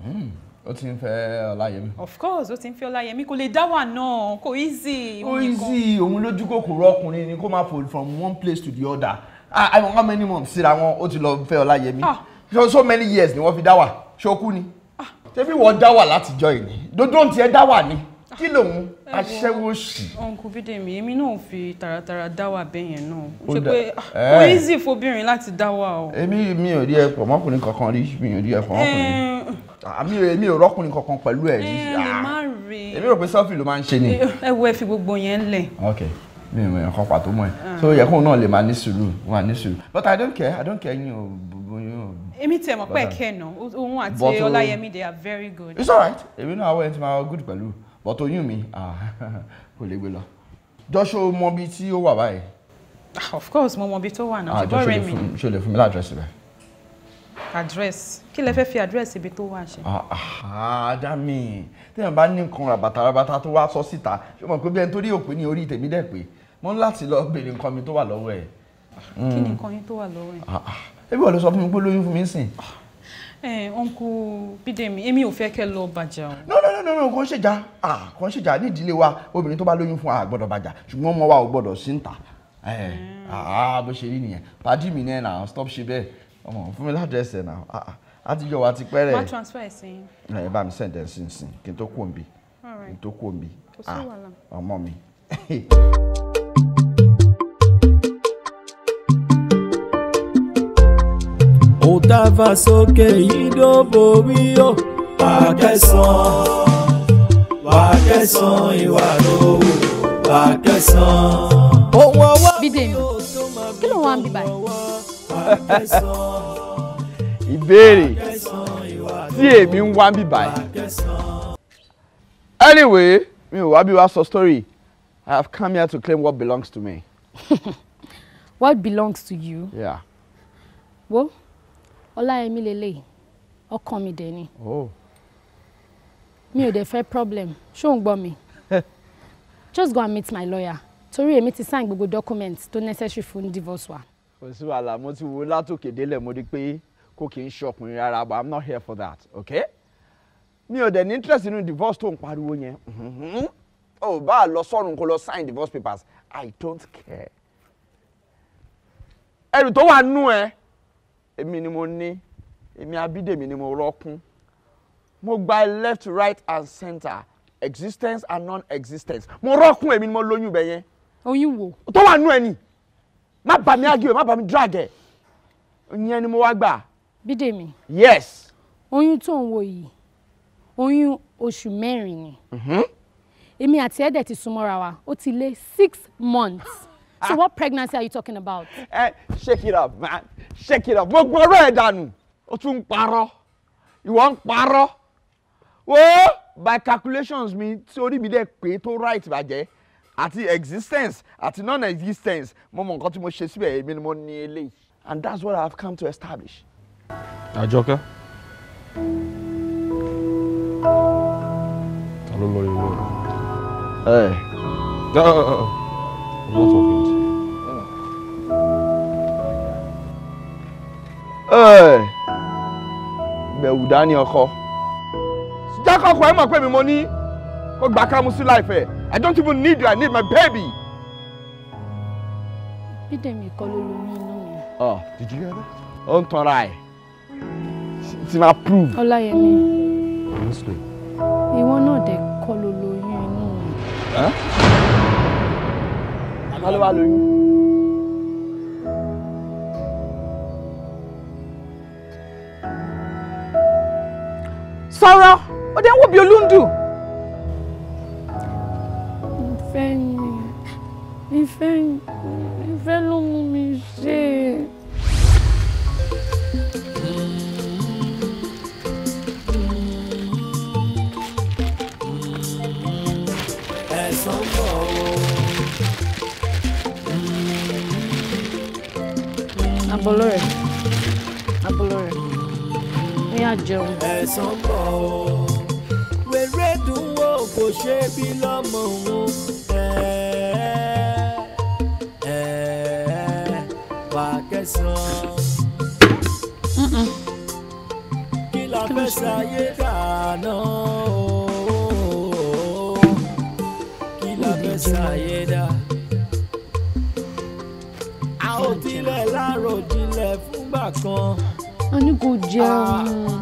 Hmm, ó ti ń fẹ́ ọláyẹmí. of course ó ti ń fẹ́ ọláyẹmí kò lè dá wà náà kò easy. kò easy òun lójú kòkòrò ọkùnrin ni kó máa fò from one place to the other ah i want how many months síra wọn ó ti lọ fẹ́ ọláyẹmí ah. so so many years ni wọ́n fi dá wà ṣokú ni ah. ṣé bí wọ́n dá wà látijọ́ yìí ni dodó ń tiẹ̀ dá wà ni kí lòun aṣẹ́wó sí. ọ̀nkù bídèmí èmi náà fi tààràtàrà dáwà bẹ́yẹn náà ṣe pé ah, kò easy fobìnrin láti dáwà o. èmi mi ò rí ẹ̀pọ̀ mọ́kùnrin kankan rí mi ò rí ẹ̀pọ̀ mọ́kùnrin ah, mi ò rọ́kùnrin kankan pẹ̀lú ẹ̀ ah. rí. èmi rò pé selfie ló máa ń ṣe ni. ẹ wo ẹ fi gbogbo yẹn lẹ̀. ok mi ò yàn kan pàtó mọ́ ẹ so yẹ kóun náà lè máa ní sùúrù máa ní sùúrù but i don't care i don't care yín o èmi tẹ̀ mọ̀ pé ẹ̀kẹ́ náà òun àti uh, ọláyẹmí they are very good. it's alright èmi náà awọ ẹni tí máa good pẹ̀lú but oyún mi ah, kò lè gbé lọ jọ́ṣọ́ mọ ibi tí ó wà báyìí. Ah, of course mo mọ ibi tó wà náà ah, ṣùgbọ́n rẹ mi. ṣé o lè fún mi ládírẹ́sì rẹ. address kí lẹ fẹ́ fi address ibi tó wà ṣe. dami téèyàn bá ní nǹkan ràbàtà ràbàtà tó wá sọ síta ṣé o mọ̀ pé bí ẹni tó rí òpin ní orí tèmi dẹ̀ pé mo ń láti lọ béèrè nǹkan mi tó wà lọ́wọ́ ẹ̀. kí ni hmm. nǹkan yín tó wà lọ́wọ́ ẹ̀. ebi wọ́n sọ fún mi pé lóyún fún mi sìn ọ̀nkù eh, bídèmí èmi ò fẹ́ kẹ́ lọ bàjá o. no no no no kò ń ṣèjà ah, kò ń ṣèjà ní ìdílé wa obìnrin tó bá lóyún fún wa gbọ́dọ̀ bàjá ṣùgbọ́n ọmọ wa ò gbọ́dọ̀ sí ń ta eh, hmm. ah, ah, bó ṣe rí nìyẹn pàdí mi náà stop ṣe bẹ́ẹ̀ ọmọ fún mi ládẹ́sẹ̀ náà àtijọ́ wa ti pẹ́rẹ́ má transfer ẹ̀sìn. Eh, ẹ bá mi sẹ̀ǹdẹ̀ sí sí kí n tó kú òǹbí kí n tó kú òǹbí ọmọ mi. dáfà sókè yìí ló borí o. wà á kẹsàn-án wà á kẹsàn-án ìwà lówó wà á kẹsàn-án. ohun ọwọ́ Bídèmí kí ló wà ń bí báyìí. ìbéèrè tí èmi ń wá ń bí báyìí. anyway mi ò wá bí wá sọ story I have come here to claim what belongs to me. what belongs to you? Yeah. Well, ọláyẹmí lélẹ̀ ọkàn mi dẹ̀ ni oh. mi ò dẹ̀ fẹ́ problem ṣó ń mi just go and meet my lawyer torí èmi ti sign gbogbo documents tó necessary fún divorce wa. kò sí wàhálà mo ti wo látòkè délẹ̀ mo rí pé kò kì í ṣọkùnrin rárá but i'm not here for that okay mi ò dẹ̀ ní interest nínú divorce tó ń pariwo yẹn mm-hmm. ò bá a lọ sọ́run kó lọ sign divorce papers i don't care ẹrù tó wà nù ẹ. Eh? èmi ni mo ní èmi Abídèmí ni mo rọ́kún mo gba left right and center existence and non-existence mo rọ́kún èmi ni mo lóyún bẹ́ẹ̀ yẹn. oyún wo. tó wà nú ẹ ni má bà mí ági o má bà mí drag ẹ ìyẹn ni mo wá gbà. Bídèmí. yes. oyún tó ń wo yìí oyún oṣù mẹ́rin ni. Mm-hmm èmi àti ẹ̀dẹ̀ ti sún mọ́ra wa ó ti lé six months ah. so what pregnancy are you talking about. Eh, shake it up man shake it up mo gbọ́n ọ̀rọ̀ ẹ̀ dànù ó tún ń parọ́ ìwọ ń parọ́ wo by calculations mi tí orí mi dẹ̀ pé tó right bàjẹ́ àti existence àti non-existence mo mọ nǹkan tí mo ṣe síbẹ̀ èmi ni mo ní eléyìí and that's what i have come to establish. àjọkẹ́ ta ló lọ ilé rẹ. ẹ ẹ ẹ I'm not talking to you. bẹ̀wù dání ọkọ. jákọ́kọ́ ẹ mọ̀ pé mi mo ní kó gba kámúsí láìfẹ́ I don't even need you I need my baby. bídẹ̀mí kọ́ ló lóyún inú mi. ọ oh, did you hear that? ó ń tanra ẹ̀ ti máa prove. ọláyẹmí ìwọ náà dé kọ́ ló lóyún inú mi. ta ló wá lóyún. dẹ̀ ń wò bí olúndù. ìfẹ́ ni ìfẹ́ ìfẹ́ ló mú mi ṣe. ẹ̀sán bọ̀ Abolore. Abolore. We are Joe kò ṣe bí lọ́mọ òun ẹ̀ ẹ̀ wà kẹsàn-án. kí la fẹ́ ṣayé dáná o kí la fẹ́ ṣayé dá. a ò tilẹ̀ láròjinlẹ̀ fúngbà kan. a ní kò jẹun. Ah,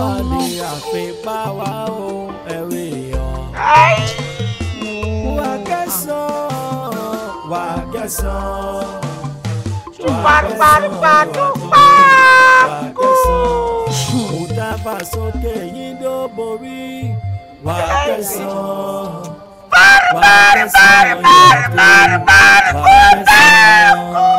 ọmọ. wà kẹsàn-án wà kẹsàn-án. tùpàtùpàtùpà kú. òkúta fà sókè yín ló borí wà kẹsàn-án. Bari bari bari bari bari bari kú bẹ́ẹ̀ kú.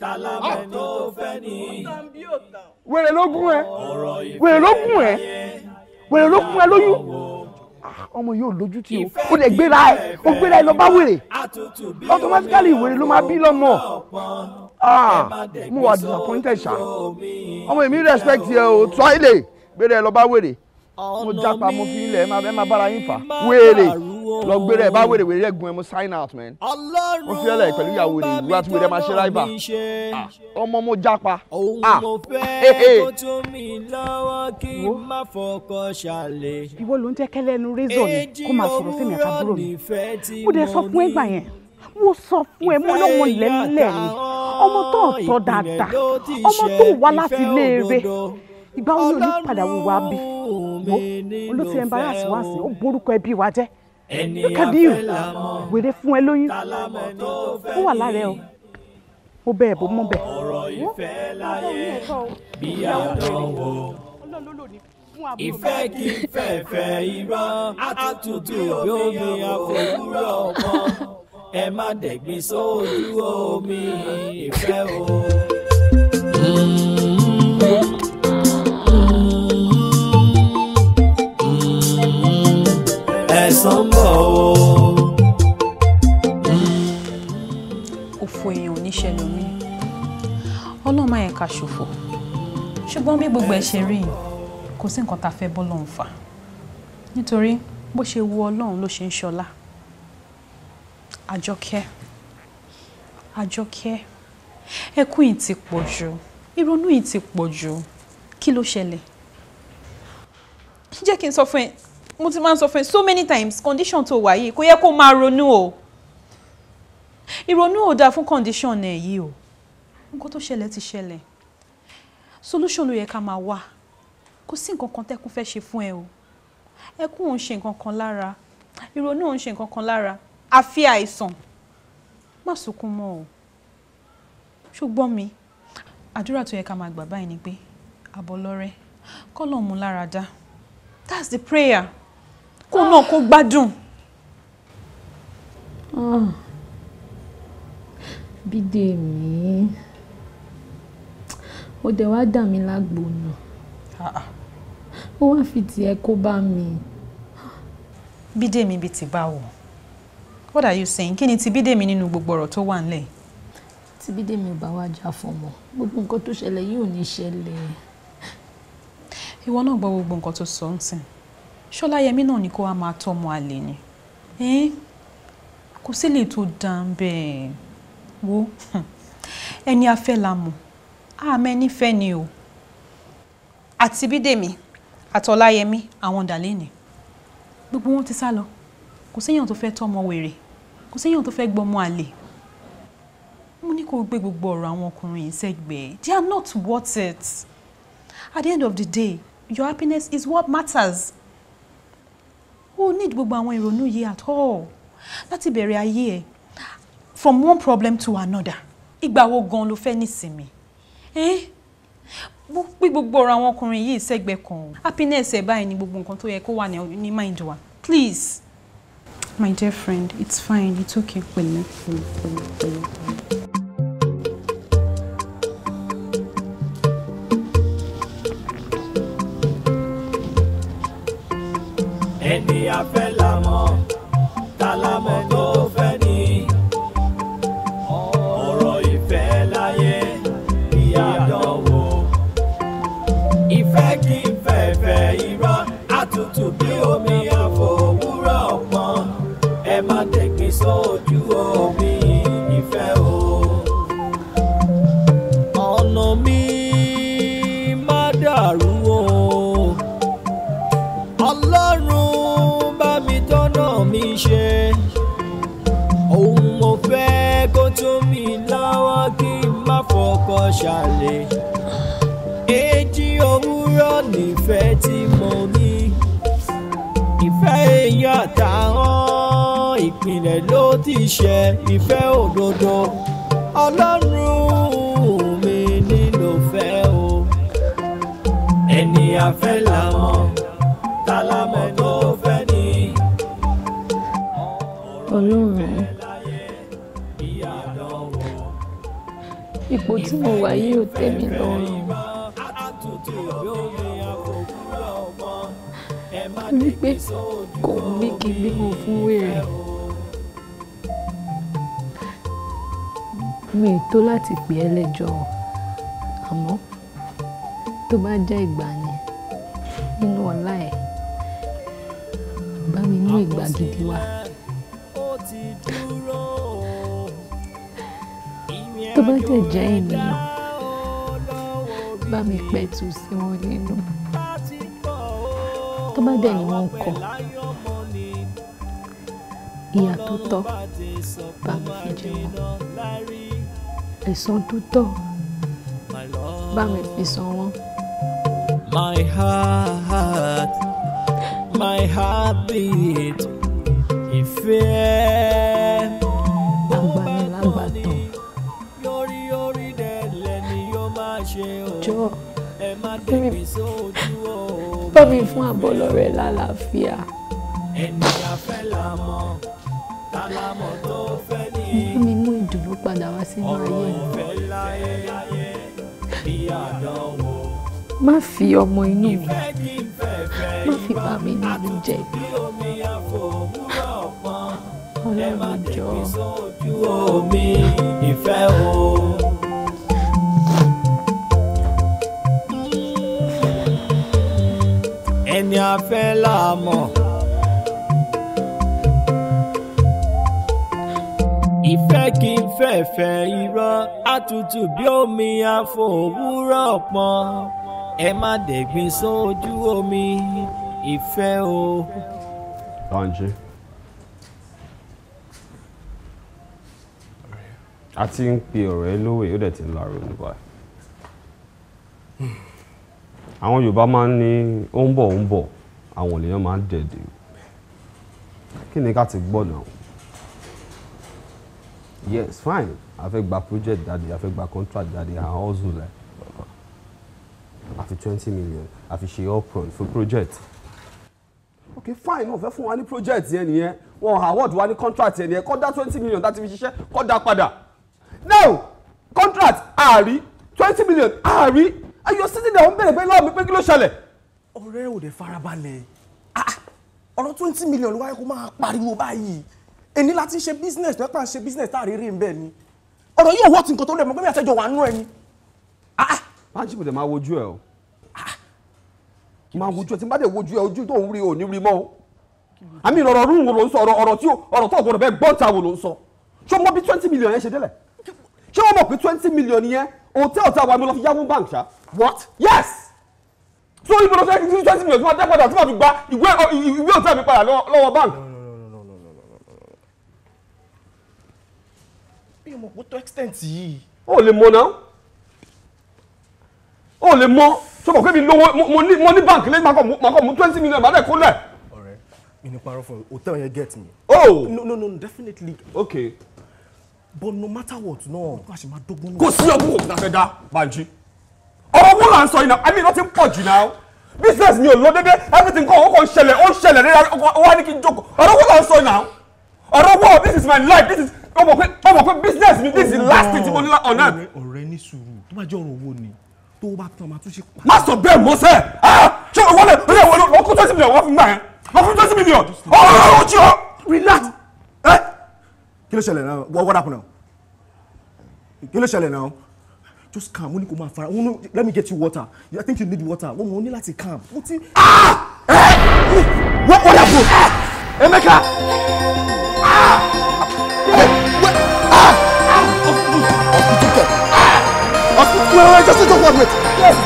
kálábẹ tó fẹ́ ni. wèrè ló gún ẹ wèrè ló gún ẹ wèrè ló gún ẹ lóyún ah, ọmọ yóò lójú tí o ó lè gbéra ẹ ó gbéra ẹ lọ bá wèrè automatically wèrè ló máa bí lọ́mọ ah, mo wà disappointed ṣá ọmọ èmi respect yẹ o tọ́ ilé gbéra ẹ lọ bá wèrè mo jápa mo fi ilẹ̀ ẹ máa bára yín fà wèrè lọ gbére ẹ bá wèrè wèrè ẹgùn ẹ mo sign out man mo fi ẹlẹ pẹ̀lú ìyàwó rẹ ìlú àti wèrè máa ṣe láìbà ọmọ mo jápa ìwọ ló ń jẹ́ kẹ́lẹ́nu rézọ̀ ni kó máa sọ̀rọ̀ sí mi àtàbúrò mi mo dẹ̀ sọ fún ẹgbà yẹn mo sọ fún ẹ mo lọ́wọ́ lẹ́lẹ̀ ni ọmọ tó ọ̀tọ̀ dáadáa ọmọ tó wá láti léèrè ìgbà olùpadà wò wá bí wo olóṣèlú embarrass wá sí ó borúkọ ẹbí wa jẹ́. Kadir wèrè fún ẹ lóyún ó wà lára ẹ o mo bẹ ẹ bó mọ bẹ. ọ̀rọ̀ ìfẹ́ láyé bí àdánwò ìfẹ́ kì í fẹ̀fẹ̀ irọ́ àtútù lómi àfòwúrọ̀ ọmọ ẹ má dẹ̀gbin sóòjú omi ìfẹ́ o. ọ̀sán ń bọ̀ o. òfò èèyàn ò ní ṣẹlẹ̀ mi ọlọ́run máa yẹn ká ṣòfò ṣùgbọ́n bí gbogbo ẹ̀ ṣe rí yìí kò sí nǹkan tá a fẹ́ bọ́ lọ́hùn fà nítorí bó ṣe wu ọlọ́run ló ṣe ń ṣọlá àjọkẹ́ àjọkẹ́ ẹkún yìí ti pọ̀ jù ìrònú yìí ti pọ̀ jù kí ló ṣẹlẹ̀ jẹ́ kí n sọ fún ẹ mo ti máa ń sọ fún so many times condition tó wà yìí kò yẹ kó máa ronú o ìrònú ò dáa fún condition ẹ yìí o nǹkan tó ṣẹlẹ̀ ti ṣẹlẹ̀ solution ló yẹ ká máa wà kò sí nǹkan kan tẹ́kún fẹ́ ṣe fún ẹ o ẹkún ò ń ṣe nǹkan kan lára ìrònú ò ń ṣe nǹkan kan lára àfi àìsàn má sunkún mọ́ o ṣùgbọ́n mi àdúrà tó yẹ ká máa gbà báyìí ni pé àbọ̀lọ́rẹ́ kọ́ lọ́ọ́ lára dá that's the prayer kó náà kó gbádùn. Ah. Bídèmí ó dẹ̀ wá dà mí lágbo náà ah. ó wá fi tiẹ̀ kó bá mi. Bídèmí bíi ti báwo what are you saying kí ni ti Bídèmí nínú gbogbo ọ̀rọ̀ tó wà ńlẹ̀. tí Bídèmí ò bá wá jà fọmọ gbogbo nǹkan tó ṣẹlẹ̀ yìí ò ní ṣẹlẹ̀. ìwọ náà gbọ́ gbogbo nǹkan tó sọ ń sìn ṣọláyẹmí náà ni kó wá máa tọmọ àlè ni kò sí lè tó dán bẹ́ẹ̀ wo ẹni afẹ́ la mọ̀ àmẹ́ nífẹ̀ẹ́ ni o. àti bídèmí àtọláyẹmí àwọn dàlẹ́ ni gbogbo wọn ti sá lọ kò séèyàn tó fẹ́ tọmọ wèrè kò séèyàn tó fẹ́ gbọmọ àlè mo ní kó gbé gbogbo ọ̀rọ̀ àwọn ọkùnrin yìí sẹ́gbẹ̀ẹ́ they are not worth it at the end of the day your happiness is what matters. Who need gbogbo àwọn ìrònú yìí at all láti bẹ̀rẹ̀ ayé ẹ̀ from one problem to another ìgbà wo gan ló fẹ́ nísinmi pí eh? gbogbo ọ̀rọ̀ àwọn ọkùnrin yìí sẹ́gbẹ̀ẹ́ kan happiness ẹ̀ báyìí ni gbogbo nǹkan tó yẹ kó wà ní mind wa please. My dear friend, it's fine. It's okay. Pẹ̀lẹ́. ẹni afẹ́ la mọ̀ ta la mọ̀ tó fẹ́ ni ọ̀rọ̀ ìfẹ́ láyé ìyá àdánwò ìfẹ́ kí n fẹ̀fẹ̀ irọ́ àtútù bí omi ẹ̀. àṣálẹ́ èjì òwúrọ̀ nífẹ̀ẹ́ tí mo ní ìfẹ́ èèyàn táwọn ìpìlẹ̀ ló ti ṣe ìfẹ́ òdodo ọlọ́run mi nílò fẹ́ o ẹni àfẹ́ làmọ́ tálámọ́ tó fẹ́ ni. olóòrùn ipò tí mo wà yìí ò tẹ́ mi lọ́rùn torí pé kò ń bí kí n bímọ fún wèrè mi ì tó láti pè ẹ́ lẹ́jọ́ àmọ́ tó bá jẹ́ ìgbà yẹn nínú ọlá ẹ̀ bá mi mú ìgbà gidi wá. bá dẹ̀ ènìyàn bá mi pẹ̀tù sí wọn nínú tó bá dẹ̀ ni wọ́n kọ̀ ìyà tó tọ́ bá mi fi jẹ wọn ẹ̀san tó tọ́ bá mi fi san wọn. My heart, my heartbeat, it feels. baby bá mi fún àbọ̀ lọ́rẹ̀ lálàáfíà. ènìyàn la mọ̀ ta la mọ̀ tó fẹ́ ní. mú mi mú ìdùnnú padà wá sínú ayé mi. má fi ọmọ inú mi má fi bà mí nínú jẹ́. ọlọ́run jọ. ìfẹ́ o. ni a fẹ́ láàmọ̀. ìfẹ́ kì í fẹ̀fẹ̀ irọ́ àtútù bí omi àfòwúrọ̀ pọ́n ẹ má dẹ̀gbin sójú omi ìfẹ́ o. Banji a ti ń pe ọ̀rọ̀ ẹ lówe ó dẹ̀ ti ń la ronú báyìí àwọn Yorùbá máa ń ní ó ń bọ̀ ó ń bọ̀ àwọn èèyàn máa ń dẹ̀dẹ̀ kí ni ká ti gbọ́ náà yes fine a fẹ́ gba project jáde a fẹ́ gba contract jáde à ń hustle like a twenty million a fi ṣe upfront fún project ok fine wọn fẹ́ fún wa ní project yẹn nìyẹn wọn award wa ní contract yẹn nìyẹn kọ́ dá twenty million tá ti fi ṣiṣẹ́ kọ́ dá padà now contract àárí twenty million àárí ayọ̀ sí dídà òun bẹ̀rẹ̀ pé lọ́wọ́ mi pé kí ló ṣẹlẹ̀. ọ̀rẹ́ ò dé farabalẹ̀ ah, ah, ọ̀rọ̀ twenty million ló wáyé kó máa pariwo báyìí èní láti ṣe business tó ẹ́ pàṣẹ business tá a rí rí ń bẹ́ẹ̀ ni ọ̀rọ̀ yóò wọ́ọ̀tì nǹkan tó lẹ̀ mọ́ pé mi àtẹ́jọ́ wà nú ẹ ni. Ah, májì kò dé máa wojú ẹ o máa wojú ẹ tí n bá dé wojú ẹ ojú tó ń rí o ní rí mọ́ o àmì ọ̀rọ̀ rúùn wo ló ń sọ ọ̀rọ̀ tí ọ̀rọ̀ tó ọ̀gọ́dọ̀ bẹ́ẹ̀ gbọ́ta wo ló ń sọ ṣó mọ́ bí twenty million yẹn ṣe délẹ̀ ṣé wọ́n mọ̀ pé twenty million yẹn hotel tá a wà ní lọ fi yáwó bank ṣá. what. yes so ibo lọ fẹ́ ní twenty million tí wọ́n dá padà tí wọ́n fi gba ìwé ìwé hotel mi padà lọ́wọ́ bank. bí mo kò tó extent yìí. o lè mọ náà o lè mọ sọpọ pé mi lówó mo ní mo ní bank lẹ́yìn máa kọ mú twenty million máa dẹ̀ kó lẹ̀. ọ̀rẹ́ mi ní parọ́ fún hotel yẹn get me. oh no no no definitely. okay but no matter what no. kó àṣẹ máa dógún náà. kò sí ọdún wo kò tá a fẹ́ dá Banji ọ̀rọ̀ wo là ń sọ yìí náà I mean nothing pọ̀ jù náà business mi ò lọ dédé everything kọ́ ọkọ̀ ṣẹlẹ̀ ó ṣẹlẹ̀ ní wá ní kí n jókòó ọ̀rọ̀ wo là ń sọ yìí náà ọ̀rọ̀ wo this is my life this is ọmọ pé ọmọ pé business mi this is last thing tí mo ní la ọ̀nà. ọ̀rẹ́ ní sùúrù tó bá jẹ́ ọ̀rọ̀ owó ni tó bá tán ma tún ṣe. má sọ bẹ́ẹ̀ mọ́ sẹ́ ẹ́ ah! ṣé wọlé wọlé wọ́n kú twenty million wọ́n fún gbà yẹn wọ́n fún twenty million ọ̀rọ̀ ọ̀rọ̀ ọ̀rọ̀ ọ̀rọ̀ relax kí ló ṣẹlẹ̀ náà what happened now kí ló ṣẹlẹ̀ náà just calm mo ní kó máa fara mo let me get you water i think you need water wọ́n mo ní láti calm mo ti. wọ́n kọ́ dàbò Emeka. Wait, wait, just don't worry. Yes.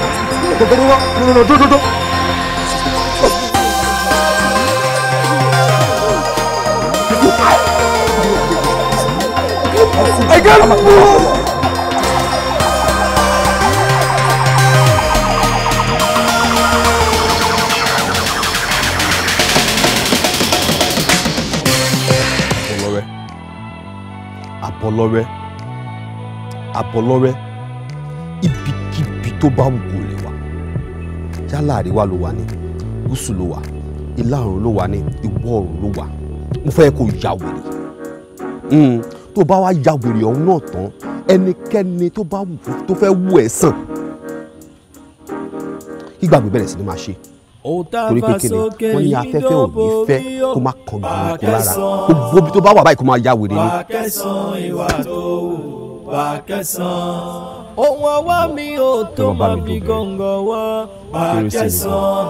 No, no, no, no, no, no, no. I can't move. Apọlọrẹ Apọlọrẹ ibikíbi tó bá to kó lè wà yálà àríwá ló wà ní gúúsù ló wà ni, oòrùn ló wà ní ìwọ̀ tó bá wá ya wèrè ọ̀hún náà tán ẹnikẹ́ni tó bá wù tó fẹ́ wù ẹ̀ sàn ìgbàgbé bẹ̀rẹ̀ sí ni máa ṣe torí pé kíni wọ́n ní afẹ́fẹ́ ò ní fẹ́ kó má kàn gbọ́n kó lára gbogbo ibi tó bá wà báyìí kó máa ya wèrè ni. ohun ọwọ́ mi ò tó máa fi gọ́ngọ̀ wá wákẹ́sàn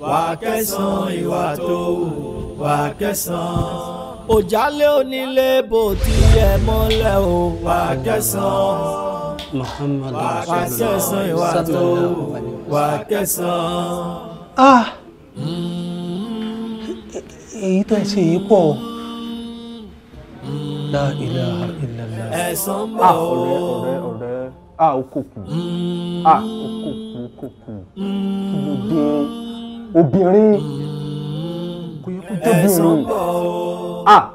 wákẹ́sàn ìwà tó wù wákẹ́sàn òjálé onílé bò ti yẹ mọ́lẹ̀ o wà án Muhammad wà á án ìwà tó wà á ah! èyí tó ń ṣe yìí pọ̀ la ilaha illallah. ẹ̀sán bọ̀ ah, o. a ò kò kù a ò kò kù kò kù kí ló dé obìnrin mm. kò yẹ kó jẹ́ obìnrin. ẹ̀sán bọ̀ o ah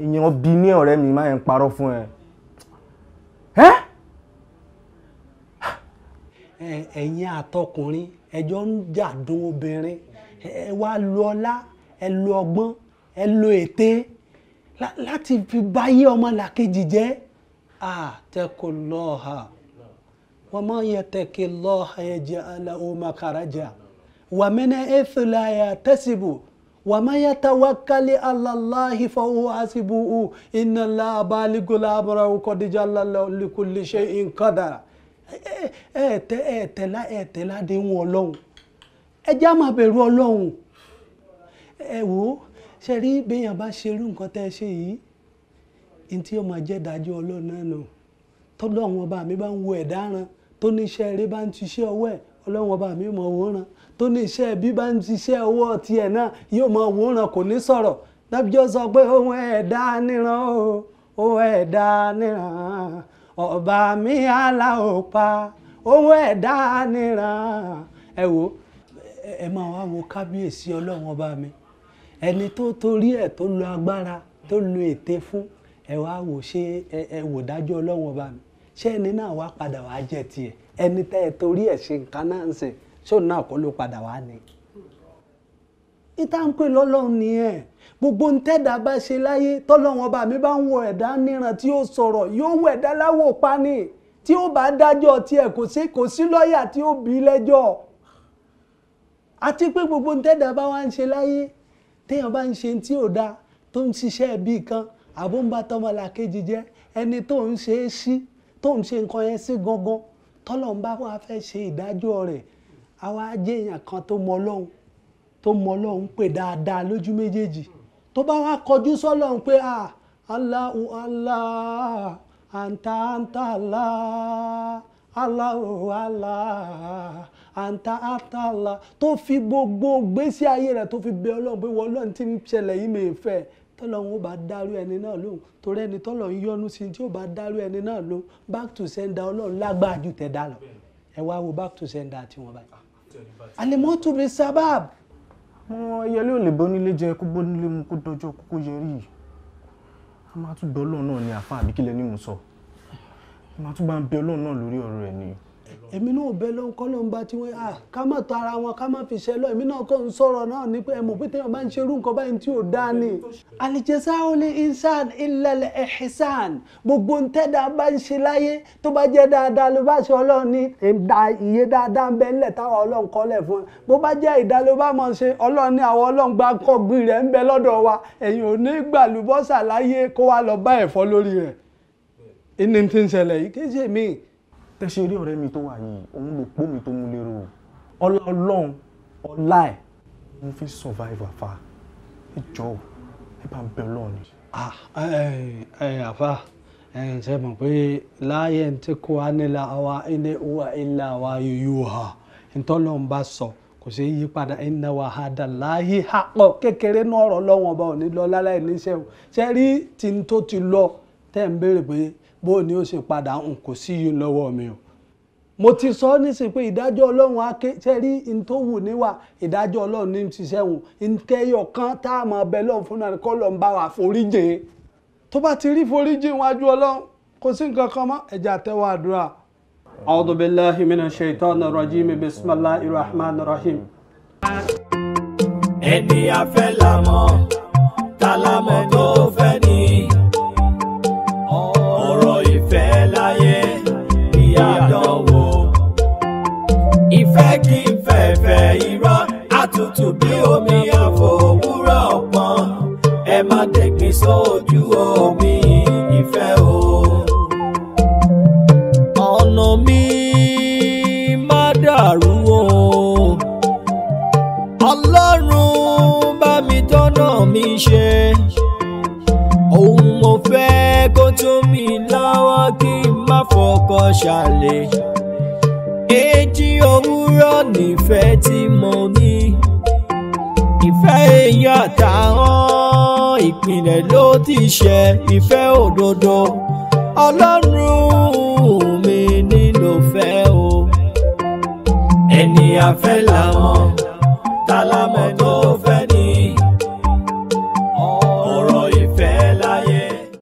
èèyàn bí ní ọ̀rẹ́ mi máa ń parọ́ fún ẹ. ẹ̀yin àtọkùnrin ẹjọ́ ń jà dún obìnrin ẹ wá lo ọlá ẹ lo ọgbọ́n ẹ lo ète láti fi báyé ọmọ làkejì jẹ́ àtẹkù lọ́ha wọ́n máa yẹ tẹ̀kì lọ́ha ẹ̀jẹ̀ aláwọ̀ makarajà wàmínà ẹ̀fẹ̀ láyà tẹ̀síbù. وما يتوكل على الله فهو حسبه إن الله بالغ الأمر قد جل لكل شيء قدرا ẹ tẹ ẹ tẹlá ẹ tẹlá déhùn Ọlọ́run ẹ já máa bẹ̀rù Ọlọ́run ẹ wò ó ṣe rí béèyàn bá ṣe irú nǹkan tẹ́ ẹ ṣe yìí ní tí yóò máa jẹ́ ìdájọ́ Ọlọ́run náà nù tọ́lọ́ àwọn ọba mi bá ń wo ẹ̀dá ran tó níṣẹ́ eré bá ń tuṣẹ́ ọwọ́ ẹ̀ Ọlọ́run ọba mi mọ̀ òun ran tó ní iṣẹ́ bí bá ń ṣiṣẹ́ ọwọ́ tiẹ̀ náà yóò mọ òwúrán kò ní sọ̀rọ̀ dábìjọ́ sọ pé ohun ẹ̀dá níran o ohun ẹ̀dá níran ọba mi àlà ò pa ohun ẹ̀dá níran ẹ wo ẹ máa wá wo kábíyèsí ọlọ́run ọba mi ẹni tó torí ẹ̀ tó lo agbára tó lo ète fún ẹ wá wò ṣe ẹ wò dájọ́ ọlọ́run ọba mi ṣé ẹni náà wá padà wá jẹ tiẹ̀ ẹni tẹ́ ẹ torí ẹ̀ ṣe nǹkan náà ń sìn ṣóun náà kọ́ ló padà wá ni ìta ń pè lọ́lọ́run nìyẹn gbogbo ń tẹ́dá bá ṣe láyé tọ́lọ́run ọba mi bá ń wo ẹ̀dá níran tí ó sọ̀rọ̀ yóò wo ẹ̀dá láwò pani tí ó bá dájọ́ tiẹ̀ kò sí kò sí lọ́ọ̀yà tí ó bí lẹ́jọ́ àti pé gbogbo ń tẹ́dá bá wá ń ṣe láyé téèyàn bá ń ṣe tí ò dáa tó ń ṣiṣẹ́ bíi kan àbó ń bá tọmọlà kejì jẹ́ ẹni tó ń ṣe é sí tó ń ṣe nǹkan yẹn sí gangan tọ́lọ́run bá wá fẹ́ ṣe ìdájọ́ rẹ̀ àwa jẹ́ èèyàn kan tó mọ ọlọ́run tó mọ ọlọ́run pé dáadáa lójú méjèèjì tó bá wá kọjú sọ́lọ́run pé ah Allahu Allah anta anta Allah Allahu Allah anta anta Allah tó fi gbogbo gbésí ayé rẹ̀ tó fi bẹ ọlọ́run pé wọ́n ọlọ́run ti ń ṣẹlẹ̀ yìí mi fẹ́ tọ́lọ́run ó bá dárú ẹni náà lóhùn torí ẹni tọ́lọ́run yọ́nú sí tí ó bá dárú ẹni náà lóhùn back to sender ọlọ́run lágbára ju tẹ̀dá lọ ẹ wá wo back to sender tiwọn báyìí alimọ́tò bíi sábàb. wọn ẹyẹlé ò lè bónílé jẹ kó bónílé mu kó dọjọ́ kókó yẹrí yìí a máa tún bẹ Ọlọ́run náà ní àfa àbíkílẹ ní mo sọ a máa tún bá ń bẹ Ọlọ́run náà lórí ọ̀rọ̀ ẹ nìyí èmi náà bẹ lọ́n kọ́lọ́n bá tí wọ́n à ká má tọ ara wọn ká má fi ṣe lọ èmi náà kọ́ ń sọ̀rọ̀ náà ní pé ẹ̀mọ̀ pé téèyàn bá ń ṣerú nǹkan báyìí tí ò dáa ni. al-jazāu lil-insāni illā al-iḥsān gbogbo ń tẹ́dá bá ń ṣe láyé tó bá jẹ́ dáadáa ló bá ṣe ọlọ́run ní iye dáadáa ń bẹ ńlẹ̀ táwọn ọlọ́run kọ́lẹ̀ fún ẹ bó bá jẹ́ ìdá ló bá mọ̀ ṣe tẹ́sí orí ọ̀rẹ́ mi tó wà yìí òun ló pọ́ mi tó mú lérò ọlá ọlọ́run ọlá ẹ̀ mo fi survive àfa ẹ jọ ò ẹ bá ń bẹ ọlọ́run ni. àfa ṣe mọ̀ pé láàyè tí kò á nílà àwa ilé wa ilé àwa yóò hà ntọ́lọ́run bá sọ kò sí yípadà iná wàhádà láàyè àpọ̀ kékeré náà ọ̀rọ̀ lọ́wọ́n ọba ò ní lọ láláì níṣẹ́ o ṣe rí tí n tó ti lọ tẹ́ ń béèrè pé bó ni ó ṣe padà ń kò sí yìí lọ́wọ́ mi o mo ti sọ ọ́ nísìnyí pé ìdájọ́ ọlọ́run aké ṣe rí n tó wù níwà ìdájọ́ ọlọ́run ní ṣiṣẹ́ wọn nkẹyọ kan tá a máa bẹ lọ́run fún náà kọ́ lọ́n bá wa foríjì tó bá ti rí foríjì wájú ọlọ́run kò sí nǹkan kan mọ́ ẹ̀jẹ̀ àtẹwọ́ àdúrà. أعوذ بالله من الشيطان الرجيم بسم làmọ́ tálámọ́ tó fẹ́ ni. àdánwò. Ìfẹ́ kí n fẹ̀fẹ̀ irọ́ àtútù bí omi àfòwúrọ̀ pọ́n. Ẹ má dẹ̀gbin sójú omi ìfẹ́ o. Ọ̀nà mi má dàrú o. Ọlọ́run bá mi tọ́nà mi ṣe. Òun mo fẹ́ jẹ́ kó tún mi lọ́wọ́ kí n má fọkọ ṣàlẹ̀ èjì òwúrọ̀ nífẹ̀ẹ́ tí mo ní ìfẹ́ èèyàn àtàwọn ìpìlẹ̀ ló ti ṣe ìfẹ́ òdodo ọlọ́run mi nílò fẹ́ o ẹni àfẹ́ làwọn tálámọ́tò.